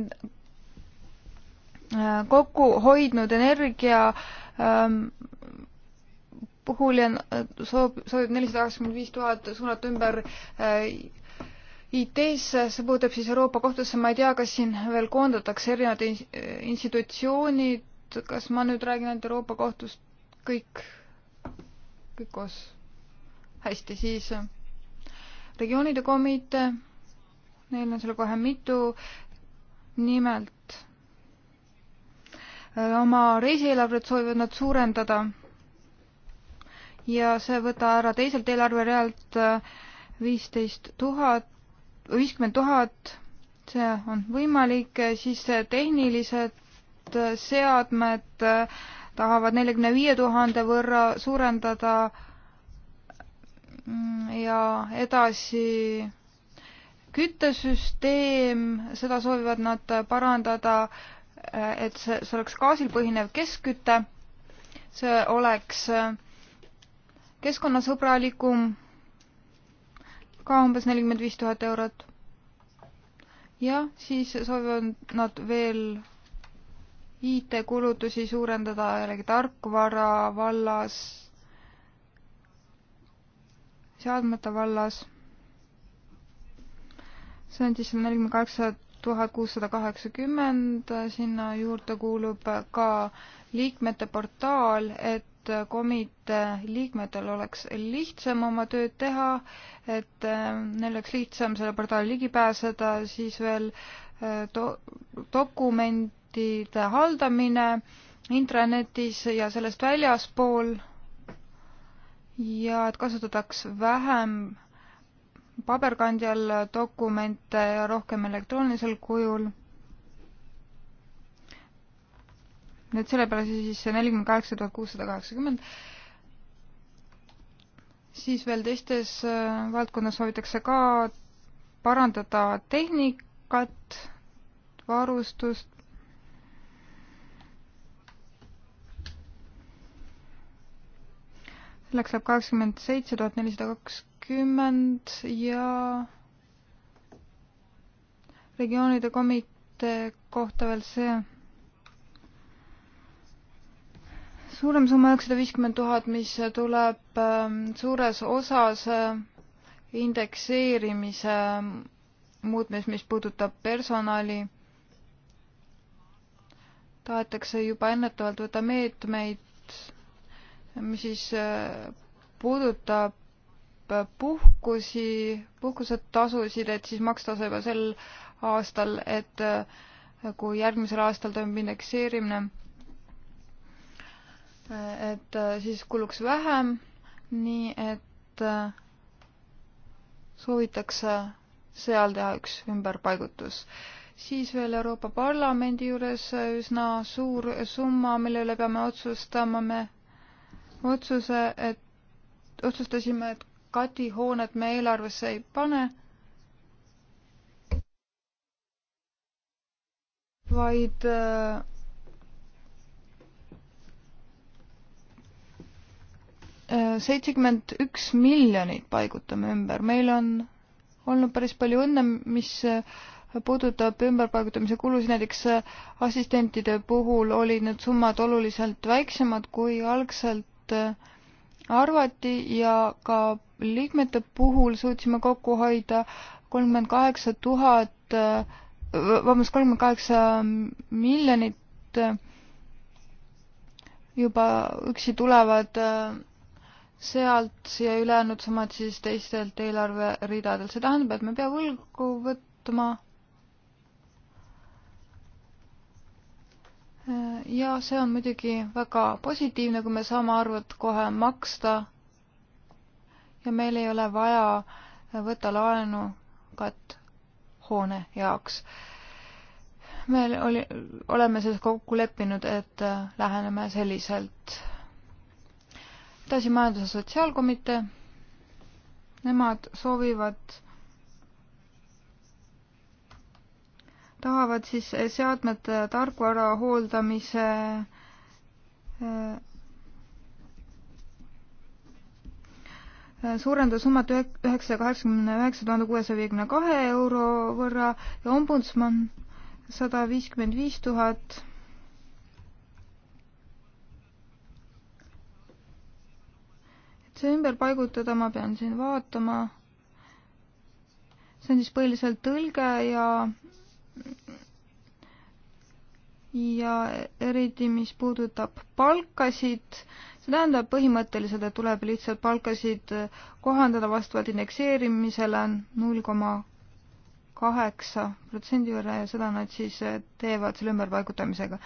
Äh, kokku hoidnud energia ähm, puhul ja äh, soovib, soovib nelisada kaheksakümmend viis tuhat suunata ümber äh, IT-sse, see puudutab siis Euroopa kohtusse, ma ei tea, kas siin veel koondatakse erinevad institutsioonid, kas ma nüüd räägin ainult Euroopa kohtust, kõik, kõik koos. hästi, siis regioonide komitee, neil on seal kohe mitu, nimelt Äh, oma reisieelarvet soovivad nad suurendada ja see võta ära teiselt eelarverealt äh, viisteist tuhat, viiskümmend tuhat, see on võimalik, äh, siis tehnilised seadmed tahavad neljakümne viie tuhande võrra suurendada mm, ja edasi küttesüsteem, seda soovivad nad parandada et see, see oleks gaasil põhinev keskküte, see oleks äh, keskkonnasõbralikum, ka umbes nelikümmend viis tuhat eurot. ja siis soovivad nad veel IT-kulutusi suurendada jällegi tarkvara vallas, seadmete vallas. see on siis nelikümmend kaheksa tuhat kuussada kaheksakümmend, sinna juurde kuulub ka liikmete portaal, et komitee liikmetel oleks lihtsam oma tööd teha, et neil oleks lihtsam selle portaali ligi pääseda, siis veel do-, eh, dokumentide haldamine intranetis ja sellest väljaspool ja et kasutataks vähem paberkandjal dokumente ja rohkem elektroonilisel kujul. nüüd selle peale siis nelikümmend kaheksa tuhat kuussada kaheksakümmend. siis veel teistes äh, valdkondades soovitakse ka parandada tehnikat, varustust, Läks läheb kaheksakümmend seitse tuhat nelisada kakskümmend ja regioonide komitee kohta veel see suurem summa üheksasada viiskümmend tuhat, mis tuleb ähm, suures osas äh, indekseerimise ähm, muutmist, mis puudutab personali tahetakse juba ennetavalt võtta meetmeid mis siis äh, puudutab äh, puhkusi, puhkusetasusid, et siis makstakse juba sel aastal, et äh, kui järgmisel aastal toimub indekseerimine, et siis kuluks vähem, nii et soovitakse seal teha üks ümberpaigutus. siis veel Euroopa Parlamendi juures üsna suur summa, mille üle peame otsustama, me otsuse, et otsustasime, et Kati hoonet me eelarvesse ei pane, vaid äh, seitsekümmend üks miljonit paigutame ümber, meil on olnud päris palju õnne, mis äh, puudutab ümberpaigutamise kulusid, näiteks äh, assistentide puhul olid need summad oluliselt väiksemad, kui algselt poolt äh, arvati ja ka liikmete puhul suutsime kokku hoida kolmkümmend kaheksa tuhat, äh, vabandust, kolmkümmend kaheksa miljonit äh, juba üksi tulevad sealt ja ülejäänud samad siis teistelt eelarveridadelt. see tähendab, et me ei pea võlgu võtma ja see on muidugi väga positiivne, kui me saame arvet kohe maksta ja meil ei ole vaja võtta laenu kat hoone jaoks. me oli, oleme selles kokku leppinud, et läheneme selliselt. edasi Majandus- ja Sotsiaalkomitee. Nemad soovivad tahavad siis seadmete tarkvara hooldamise äh, suurendada summat üheksasaja kaheksakümne üheksa tuhande kuuesaja viiekümne kahe euro võrra ja ombudsman sada viiskümmend viis tuhat. et see ümber paigutada, ma pean siin vaatama. see on siis põhiliselt tõlge ja ja eriti, mis puudutab palkasid, see tähendab põhimõtteliselt, et tuleb lihtsalt palkasid kohandada vastavalt indekseerimisele null koma kaheksa protsendi võrra ja seda nad siis teevad selle ümberpaigutamisega.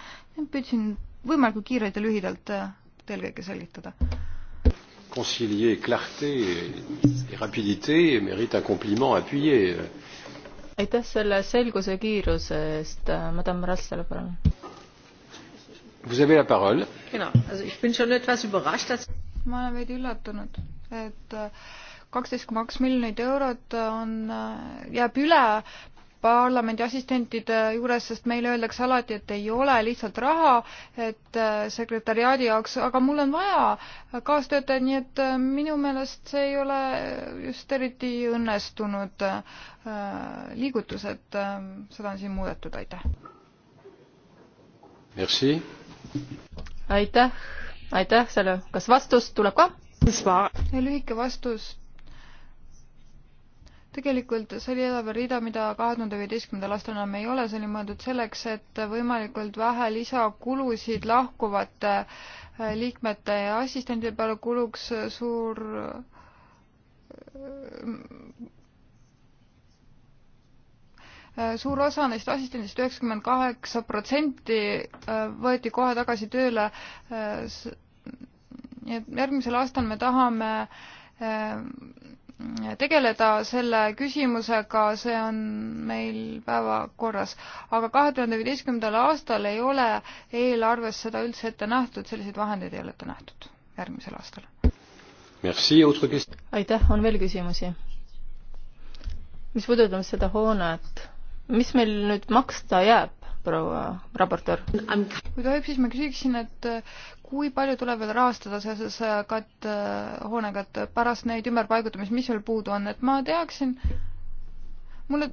püüdsin võimalikult kiirelt ja lühidalt teil kõike selgitada. Concilier clarté et rapidité mérite un compliment appuyé aitäh selle selguse kiiruse eest, madam Rassel, palun. ma olen veidi üllatunud, et kaksteist koma kaks miljonit eurot on, jääb üle parlamendi assistentide juures, sest meile öeldakse alati, et ei ole lihtsalt raha, et äh, sekretäriaadi jaoks, aga mul on vaja kaastöötajaid, nii et äh, minu meelest see ei ole just eriti õnnestunud äh, liigutus, et seda on siin muudetud, aitäh. aitäh, aitäh selle, kas vastus tuleb ka? lühike vastus tegelikult see oli eelarverida, mida kahe tuhande viieteistkümnendal aastal enam ei ole, see oli mõeldud selleks, et võimalikult vähe lisakulusid lahkuvate äh, liikmete ja assistentide peale kuluks äh, suur äh, suur osa neist assistendist, üheksakümmend kaheksa protsenti võeti kohe tagasi tööle. nii et järgmisel aastal me tahame tegeleda selle küsimusega, see on meil päevakorras. aga kahe tuhande viieteistkümnendal aastal ei ole eelarves seda üldse ette nähtud, selliseid vahendeid ei ole ette nähtud järgmisel aastal. aitäh, on veel küsimusi? mis puudutab seda hoonet, mis meil nüüd maksta jääb? proua raportöör. kui tohib, siis ma küsiksin, et äh, kui palju tuleb veel rahastada seoses äh, katthoonega, äh, et pärast neid ümberpaigutamisi, mis veel puudu on, et ma teaksin, mulle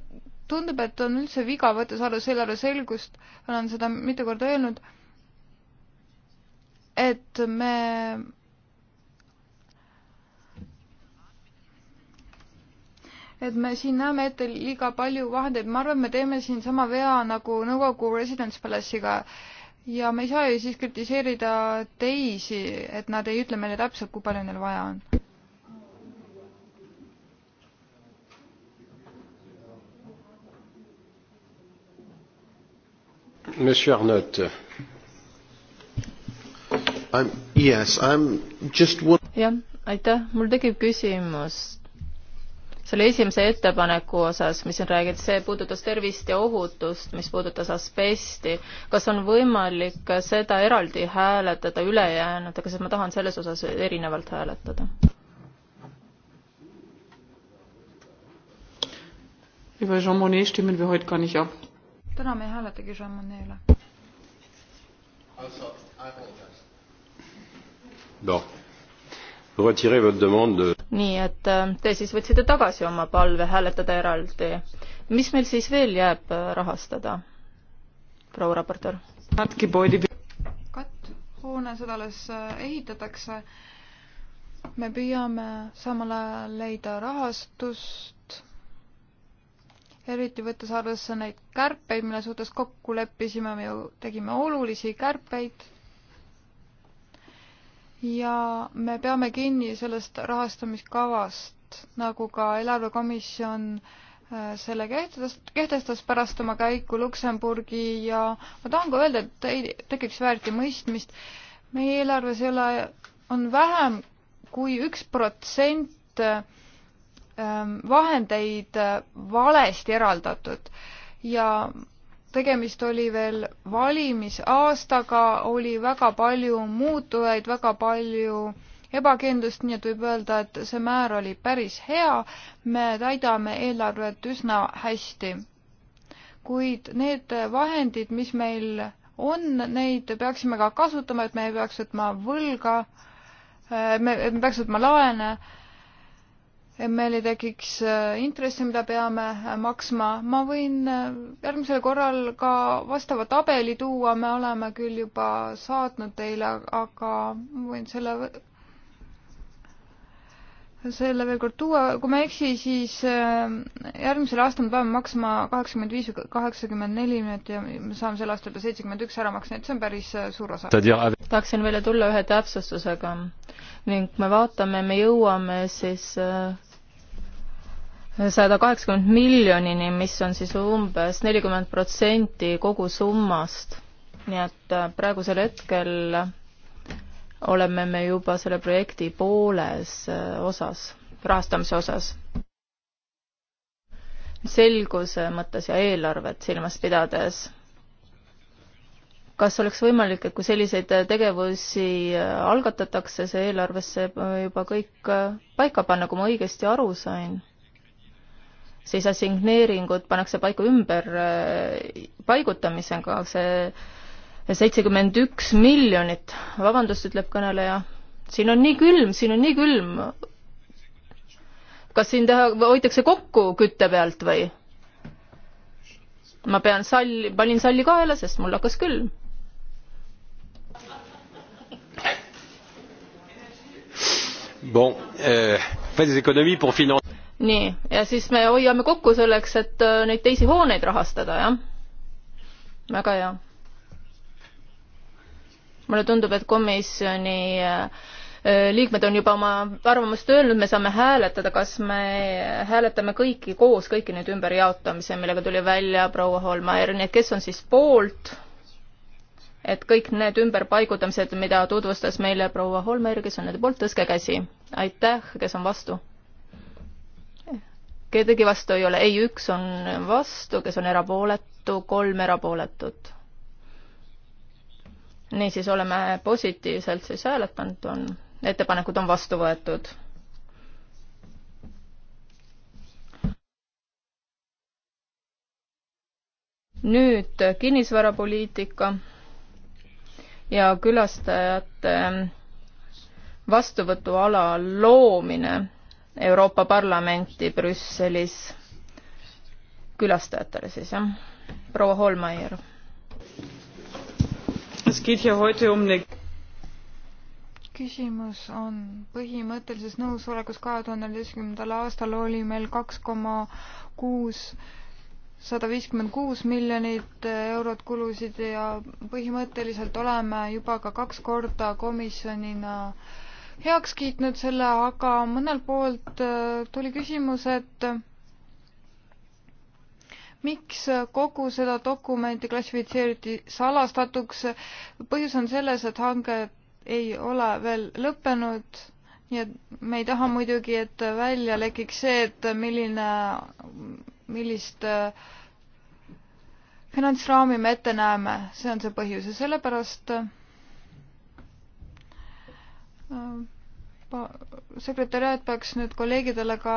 tundub, et on üldse viga, võttes aluseks eelarve selgust, olen seda mitu korda öelnud, et me et me siin näeme ette liiga palju vahendeid, ma arvan, me teeme siin sama vea nagu nõukogu Residence Palace'iga ja me ei saa ju siis kritiseerida teisi, et nad ei ütle meile täpselt, kui palju neil vaja on. Monsieur Arnott. I'm, yes, I'm just. jah, aitäh, mul tekib küsimus selle esimese ettepaneku osas, mis siin räägiti, see puudutas tervist ja ohutust, mis puudutas asbesti. kas on võimalik seda eraldi hääletada ülejäänutega, sest ma tahan selles osas erinevalt hääletada? Über Jean Monnet stimmen wir heute gar nicht ab. täna me ei hääletagi Jean Monnet üle. Bon nii et äh, te siis võtsite tagasi oma palve hääletada eraldi. mis meil siis veel jääb äh, rahastada, proua raportöör? katthoone, seda alles äh, ehitatakse. me püüame samal ajal leida rahastust, eriti võttes arvesse neid kärpeid, mille suhtes kokku leppisime, me ju tegime olulisi kärpeid ja me peame kinni sellest rahastamiskavast, nagu ka eelarvekomisjon äh, selle kehtestas, kehtestas pärast oma käiku Luksemburgi ja ma tahan ka öelda, et ei tekiks väärtimõistmist. meie eelarves ei ole, on vähem kui üks protsent ähm, vahendeid äh, valesti eraldatud ja tegemist oli veel valimisaastaga, oli väga palju muutujaid, väga palju ebakindlust, nii et võib öelda, et see määr oli päris hea. me täidame eelarvet üsna hästi. kuid need vahendid, mis meil on, neid peaksime ka kasutama, et me ei peaks võtma võlga, me, me peaks võtma laene meil ei tekiks äh, intressi, mida peame äh, maksma. ma võin äh, järgmisel korral ka vastava tabeli tuua, me oleme küll juba saatnud teile, aga võin selle, selle veel kord tuua. kui ma ei eksi, siis järgmisel aastal me peame maksma kaheksakümmend viis või kaheksakümmend neli miljonit ja me saame sel aastal juba seitsekümmend üks ära maksta, nii et see on päris suur osa. tahaksin välja tulla ühe täpsustusega ning me vaatame, me jõuame siis sada kaheksakümmend miljonini, mis on siis umbes nelikümmend protsenti kogu summast. nii et äh, praegusel hetkel oleme me juba selle projekti pooles äh, osas, rahastamise osas. selguse mõttes ja eelarvet silmas pidades. kas oleks võimalik, et kui selliseid tegevusi äh, algatatakse, see eelarvesse juba kõik paika panna, kui ma õigesti aru sain? siis assigneeringud pannakse paika ümber äh, paigutamisega, see seitsekümmend üks miljonit, vabandust, ütleb kõneleja, siin on nii külm, siin on nii külm. kas siin teha, hoitakse kokku kütte pealt või? ma pean salli, panin salli kaela, sest mul hakkas külm. Bon, euh, faites des économies pour financer nii, ja siis me hoiame kokku selleks, et äh, neid teisi hooneid rahastada, jah. väga hea. mulle tundub, et komisjoni äh, äh, liikmed on juba oma arvamust öelnud, me saame hääletada, kas me hääletame kõiki koos, kõiki neid ümberjaotamise, millega tuli välja proua Holmaier, nii et kes on siis poolt? et kõik need ümberpaigutamised, mida tutvustas meile proua Holmaier, kes on nende poolt, tõstke käsi. aitäh, kes on vastu kedagi vastu ei ole, ei, üks on vastu, kes on erapooletu, kolm erapooletut. niisiis oleme positiivselt siis hääletanud, on, ettepanekud on vastu võetud. nüüd kinnisvarapoliitika ja külastajate vastuvõtuala loomine Euroopa Parlamenti Brüsselis külastajatele siis jah, proua Holmeier. Um küsimus on põhimõttelises nõusolekus kahe tuhande üheteistkümnendal aastal oli meil kaks koma kuus sada viiskümmend kuus miljonit eurot kulusid ja põhimõtteliselt oleme juba ka kaks korda komisjonina äh, heaks kiitnud selle, aga mõnelt poolt äh, tuli küsimus, et miks kogu seda dokumenti klassifitseeriti salastatuks. põhjus on selles, et hange ei ole veel lõppenud ja me ei taha muidugi, et välja lekiks see, et milline, millist äh, finantsraami me ette näeme, see on see põhjus ja sellepärast äh, sekretäriaat peaks nüüd kolleegidele ka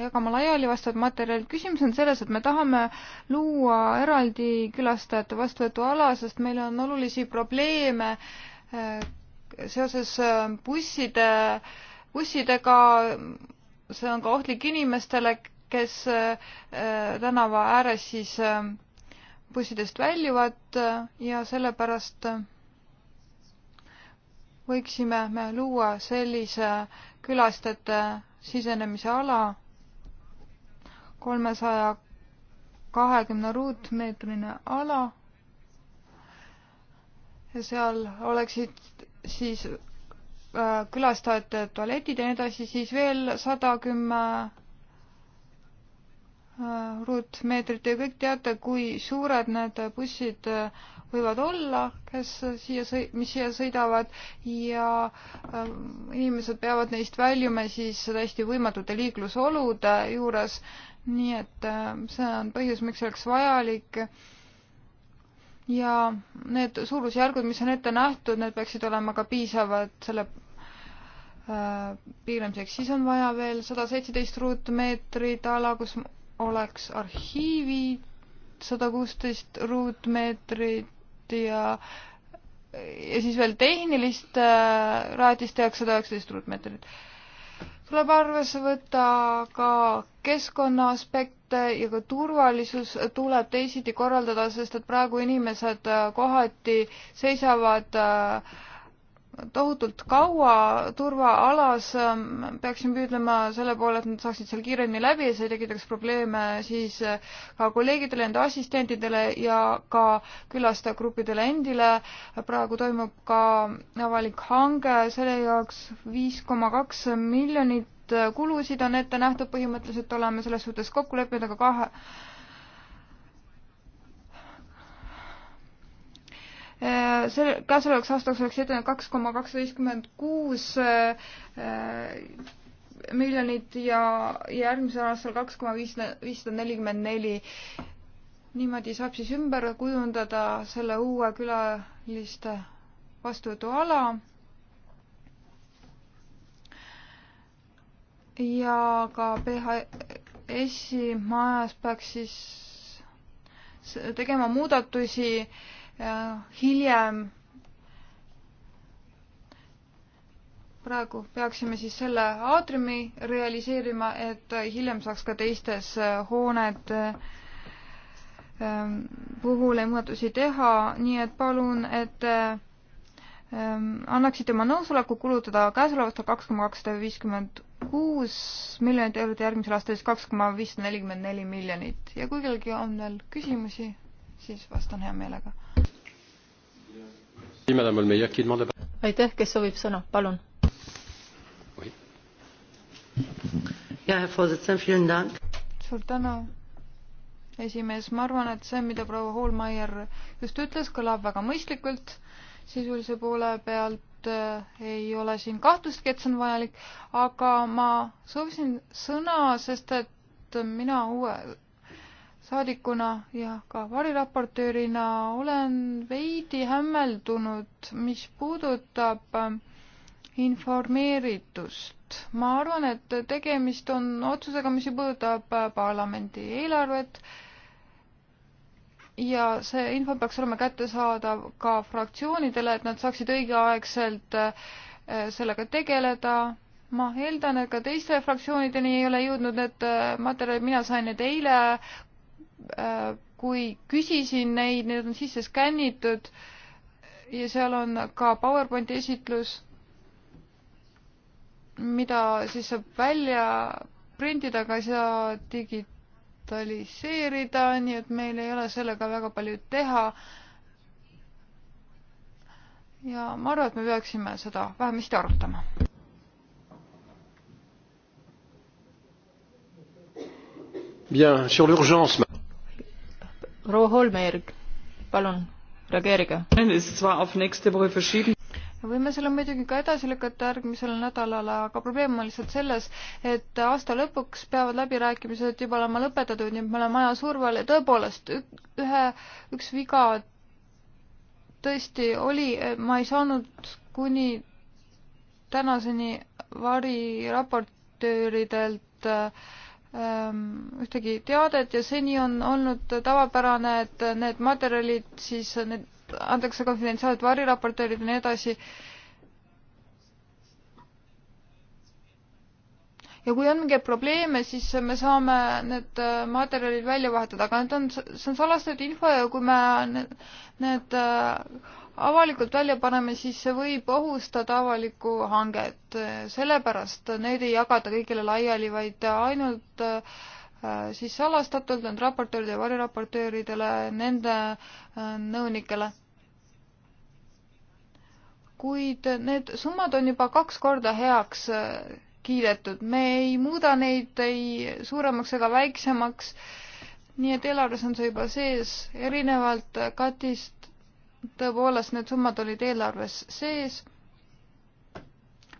jagama laiali vastavad materjalid. küsimus on selles, et me tahame luua eraldi külastajate vastuvõtuala, sest meil on olulisi probleeme eh, seoses eh, busside, bussidega. see on ka ohtlik inimestele, kes eh, tänava ääres siis bussidest väljuvad ja sellepärast võiksime me luua sellise külastajate sisenemise ala kolmesaja kahekümne ruutmeetrine ala ja seal oleksid siis äh, külastajate tualetid ja nii edasi, siis veel sada kümme äh, ruutmeetrit ja kõik teate, kui suured need bussid äh, võivad olla, kes siia sõi-, mis siia sõidavad ja ähm, inimesed peavad neist väljuma siis täiesti võimatute liiklusolude äh, juures, nii et äh, see on põhjus, miks oleks vajalik ja need suurusjärgud, mis on ette nähtud, need peaksid olema ka piisavad selle äh, piiramiseks, siis on vaja veel sada seitseteist ruutmeetrit ala, kus oleks arhiivid, sada kuusteist ruutmeetrit ja ja siis veel tehnilist äh, raadist tehakse sada üheksateist ruutmeetrit. tuleb arvesse võtta ka keskkonna aspekte ja ka turvalisus tuleb teisiti korraldada, sest et praegu inimesed äh, kohati seisavad äh, tohutult kaua turvaalas, ähm, peaksime püüdlema selle poole, et nad saaksid seal kiiremini läbi ja see tekitaks probleeme siis äh, ka kolleegidele, nende assistentidele ja ka külastajagruppidele endile. praegu toimub ka avalik hange selle jaoks viis koma kaks miljonit äh, kulusid on ette nähtud, põhimõtteliselt oleme selles suhtes kokku leppinud, aga kahe Äh, selle, käesolevaks aastaks oleks ette nähtud kaks koma kakssada viiskümmend kuus äh, miljonit ja järgmisel aastal kaks koma viissada nelikümmend neli. niimoodi saab siis ümber kujundada selle uue külaliste vastuvõtuala. ja ka PHS-i majas peaks siis tegema muudatusi äh, hiljem praegu peaksime siis selle aatriumi realiseerima, et hiljem saaks ka teistes äh, hoonete äh, ähm, puhul muudatusi teha, nii et palun, et äh, ähm, annaksite oma nõusoleku kulutada käesoleval aastal kaks koma kakssada viiskümmend kuus miljonit eurot, järgmisel aastal siis kaks koma viissada nelikümmend neli miljonit ja kui kellelgi on veel küsimusi, siis vastan hea meelega aitäh, kes soovib sõna, palun. suur tänu, esimees, ma arvan, et see, mida proua Hoolmeier just ütles, kõlab väga mõistlikult sisulise poole pealt äh, ei ole siin kahtlustki, et see on vajalik, aga ma soovisin sõna, sest et mina uue saadikuna ja ka variraportöörina olen veidi hämmeldunud, mis puudutab ähm, informeeritust. ma arvan, et tegemist on otsusega, mis puudutab äh, parlamendi eelarvet ja see info peaks olema kättesaadav ka fraktsioonidele, et nad saaksid õigeaegselt äh, sellega tegeleda ma eeldan, et ka teiste fraktsioonideni ei ole jõudnud need äh, materjalid, mina sain need eile Äh, kui küsisin neid, need on sisse skännitud ja seal on ka PowerPointi esitlus, mida siis saab välja printida, aga ei saa digitaliseerida, nii et meil ei ole sellega väga palju teha. ja ma arvan, et me peaksime seda vähemasti arutama. Bien, sur l'urgence proua Holmeier, palun reageerige. võime selle muidugi ka edasi lükata järgmisele nädalale, aga probleem on lihtsalt selles, et aasta lõpuks peavad läbirääkimised juba olema lõpetatud, nii et me oleme aja survel ja tõepoolest ühe, üks viga tõesti oli, ma ei saanud kuni tänaseni variraportööridelt äh, Ähm, ühtegi teadet ja seni on olnud tavapärane, et need materjalid siis, need antakse konfidentsiaalselt variraportöörid ja nii edasi. ja kui on mingeid probleeme, siis me saame need äh, materjalid välja vahetada, aga need on, see on salastatud info ja kui me need, need äh, avalikult välja paneme, siis see võib ohustada avalikku hanget, sellepärast neid ei jagata kõigile laiali, vaid ainult äh, siis salastatult on raportööride ja variraportööridele, nende äh, nõunikele. kuid need summad on juba kaks korda heaks äh, kiidetud, me ei muuda neid ei suuremaks ega väiksemaks nii et eelarves on see juba sees, erinevalt Katist tõepoolest need summad olid eelarves sees.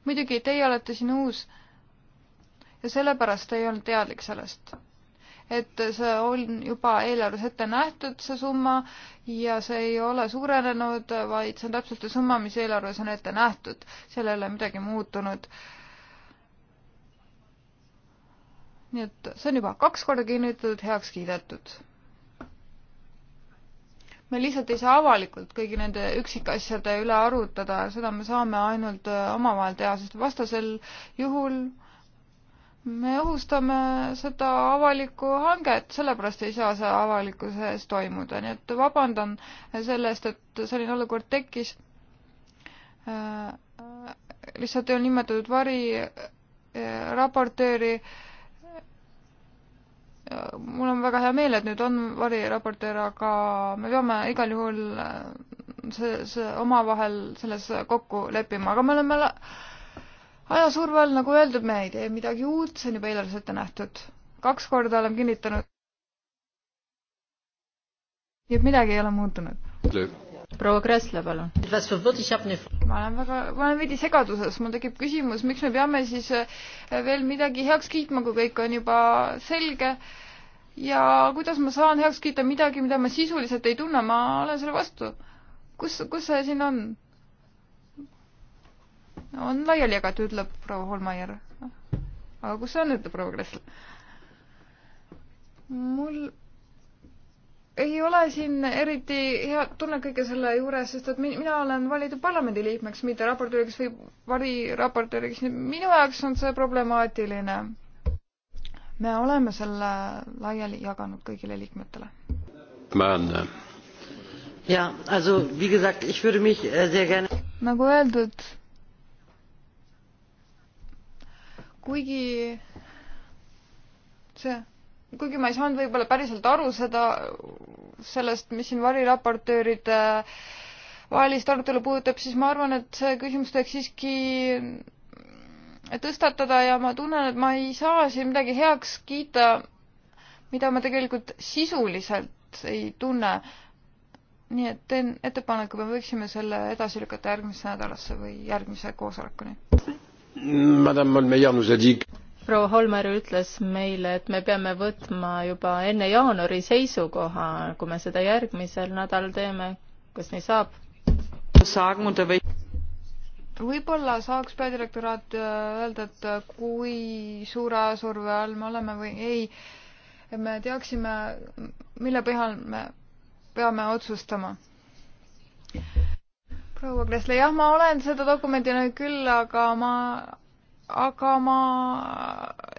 muidugi teie olete siin uus ja sellepärast ei olnud teadlik sellest, et see on juba eelarves ette nähtud, see summa, ja see ei ole suurenenud, vaid see on täpselt see summa, mis eelarves on ette nähtud, seal ei ole midagi muutunud. nii et see on juba kaks korda kinnitatud, heaks kiidetud me lihtsalt ei saa avalikult kõigi nende üksikasjade üle arutada, seda me saame ainult äh, omavahel teha, sest vastasel juhul me õhustame seda avalikku hanget, sellepärast ei saa see avalikkuse ees toimuda, nii et vabandan selle eest, et selline olukord tekkis. Äh, lihtsalt ei ole nimetatud variraportööri äh, mul on väga hea meel, et nüüd on variraportöör, aga me peame igal juhul äh, see, see omavahel selles kokku leppima, aga me oleme aja survel, nagu öeldud, me ei tee midagi uut, see on juba eelarves ette nähtud. kaks korda oleme kinnitanud. nii et midagi ei ole muutunud proua Kressle, palun. ma olen väga, ma olen veidi segaduses, mul tekib küsimus, miks me peame siis äh, veel midagi heaks kiitma, kui kõik on juba selge ja kuidas ma saan heaks kiita midagi, mida ma sisuliselt ei tunne, ma olen selle vastu. kus, kus see siin on? on laiali jagatud, ütleb proua Holmaier. aga kus see on, ütleb proua Kressle. mul ei ole siin eriti hea tunne kõige selle juures, sest et mina olen valitud parlamendiliikmeks, mitte raportööriks või variraportööriks, nii et minu jaoks on see problemaatiline. me oleme selle laiali jaganud kõigile liikmetele. Ja, also, wie gesagt, ich würde mich äh, sehr gerne nagu öeldud, kuigi see kuigi ma ei saanud võib-olla päriselt aru seda, sellest, mis siin variraportööride vahelist arutelu puudutab, siis ma arvan, et see küsimus tuleks siiski tõstatada ja ma tunnen, et ma ei saa siin midagi heaks kiita, mida ma tegelikult sisuliselt ei tunne. nii et teen ettepaneku, me võiksime selle edasi lükata järgmisse nädalasse või järgmise koosolekuni. Madame Molmeyer nous a dit proua Holmer ütles meile, et me peame võtma juba enne jaanuari seisukoha, kui me seda järgmisel nädalal teeme. kas nii saab? võib-olla saaks peadirektoraat äh, öelda, et äh, kui suure surve all me oleme või ei, et me teaksime, mille põhjal me peame otsustama. proua Kresle, jah, ma olen seda dokumenti näinud küll, aga ma aga ma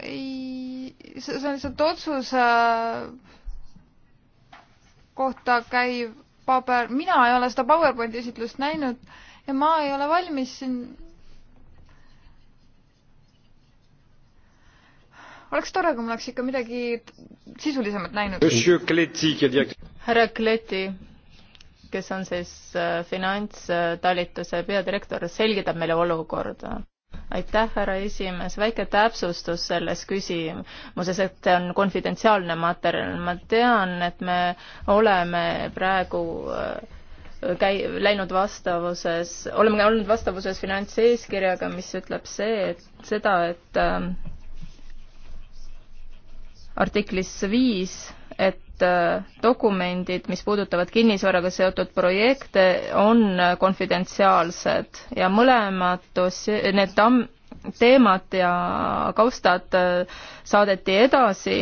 ei, see on lihtsalt otsuse kohta käiv paber, mina ei ole seda PowerPointi esitlust näinud ja ma ei ole valmis siin oleks tore, kui ma oleks ikka midagi sisulisemat näinud. härra Kleti, kes on siis äh, finantstalituse peadirektor, selgitab meile olukorda aitäh, härra esimees, väike täpsustus selles küsimuses, et see on konfidentsiaalne materjal, ma tean, et me oleme praegu äh, käi-, läinud vastavuses, oleme olnud vastavuses finantseeskirjaga, mis ütleb see, et seda, et äh, artiklis viis, et Äh, dokumendid, mis puudutavad kinnisvaraga seotud projekte, on konfidentsiaalsed ja mõlemad need teemad ja kaustad äh, saadeti edasi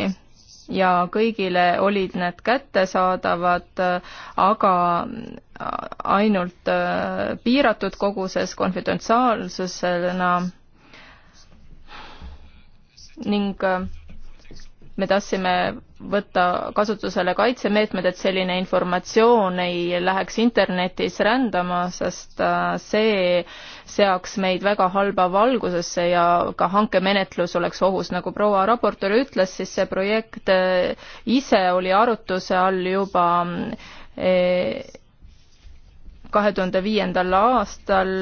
ja kõigile olid need kättesaadavad, äh, aga ainult piiratud koguses konfidentsiaalsusena ning me tahtsime võtta kasutusele kaitsemeetmed, et selline informatsioon ei läheks internetis rändama, sest äh, see seaks meid väga halba valgusesse ja ka hankemenetlus oleks ohus. nagu proua raportöör ütles, siis see projekt äh, ise oli arutluse all juba äh, kahe tuhande viiendal aastal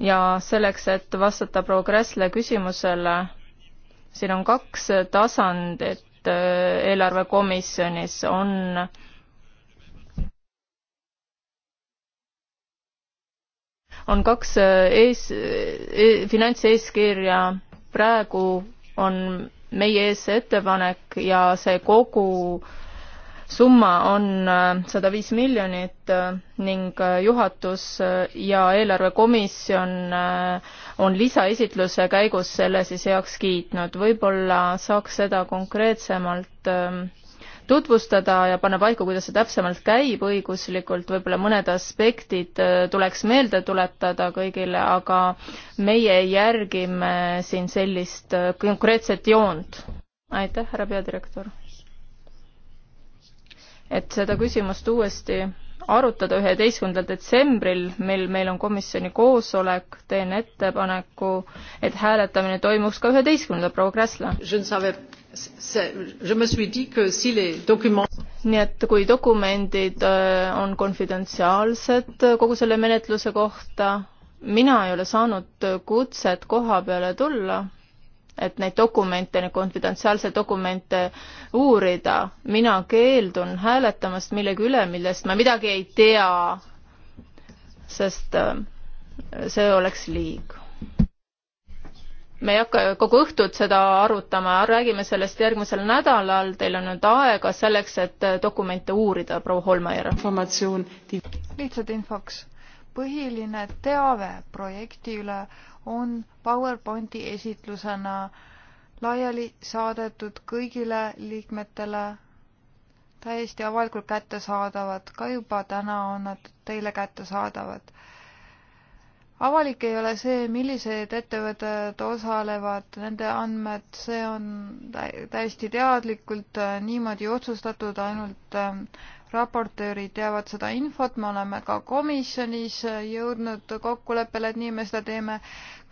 ja selleks, et vastata proua Kressle küsimusele, siin on kaks tasandit äh, eelarvekomisjonis, on on kaks äh, ees e,, finantseeskirja, praegu on meie ees see ettepanek ja see kogu summa on sada viis miljonit ning juhatus ja eelarvekomisjon äh, on lisaesitluse käigus selle siis heaks kiitnud. võib-olla saaks seda konkreetsemalt ähm, tutvustada ja panna paika, kuidas see täpsemalt käib õiguslikult, võib-olla mõned aspektid äh, tuleks meelde tuletada kõigile, aga meie järgime siin sellist äh, konkreetset joont. aitäh, härra peadirektor! et seda küsimust uuesti arutada üheteistkümnendal detsembril, mil meil on komisjoni koosolek, teen ettepaneku, et hääletamine toimuks ka üheteistkümnendal, proua Kräsla. nii et kui dokumendid äh, on konfidentsiaalsed äh, kogu selle menetluse kohta, mina ei ole saanud kutset koha peale tulla et neid dokumente, neid konfidentsiaalse dokumente uurida. mina keeldun hääletamast millegi üle, millest ma midagi ei tea, sest äh, see oleks liig. me ei hakka kogu õhtut seda arutama, räägime sellest järgmisel nädalal, teil on nüüd aega selleks, et äh, dokumente uurida, proua Holmeier. informatsioon. lihtsalt infoks, põhiline teave projekti üle on PowerPointi esitlusena laiali saadetud kõigile liikmetele täiesti avalikult kättesaadavad, ka juba täna on nad teile kättesaadavad. avalik ei ole see, millised ettevõtted osalevad, nende andmed, see on täiesti teadlikult äh, niimoodi otsustatud, ainult ähm, raportöörid teavad seda infot, me oleme ka komisjonis jõudnud kokkuleppele, et nii me seda teeme.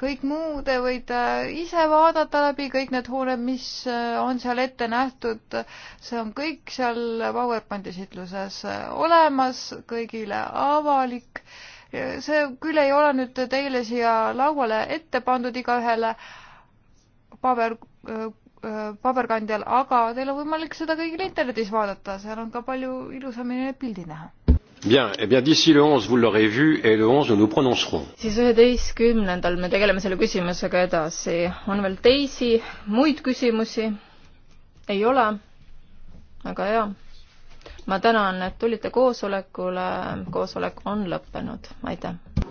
kõik muu te võite äh, ise vaadata läbi, kõik need hooned, mis äh, on seal ette nähtud, see on kõik seal PowerPointi esitluses äh, olemas, kõigile avalik. see küll ei ole nüüd teile siia lauale ette pandud igaühele, paber Äh, paberkandjal, aga teil on võimalik seda kõigil internetis vaadata, seal on ka palju ilusamini pildi näha. Bien, eh bien d'ici le 11 vous l'aurez vu et le 11 nous nous prononcerons. siis üheteistkümnendal me tegeleme selle küsimusega edasi. on veel teisi muid küsimusi? ei ole? väga hea. ma tänan, et tulite koosolekule. koosolek on lõppenud. aitäh!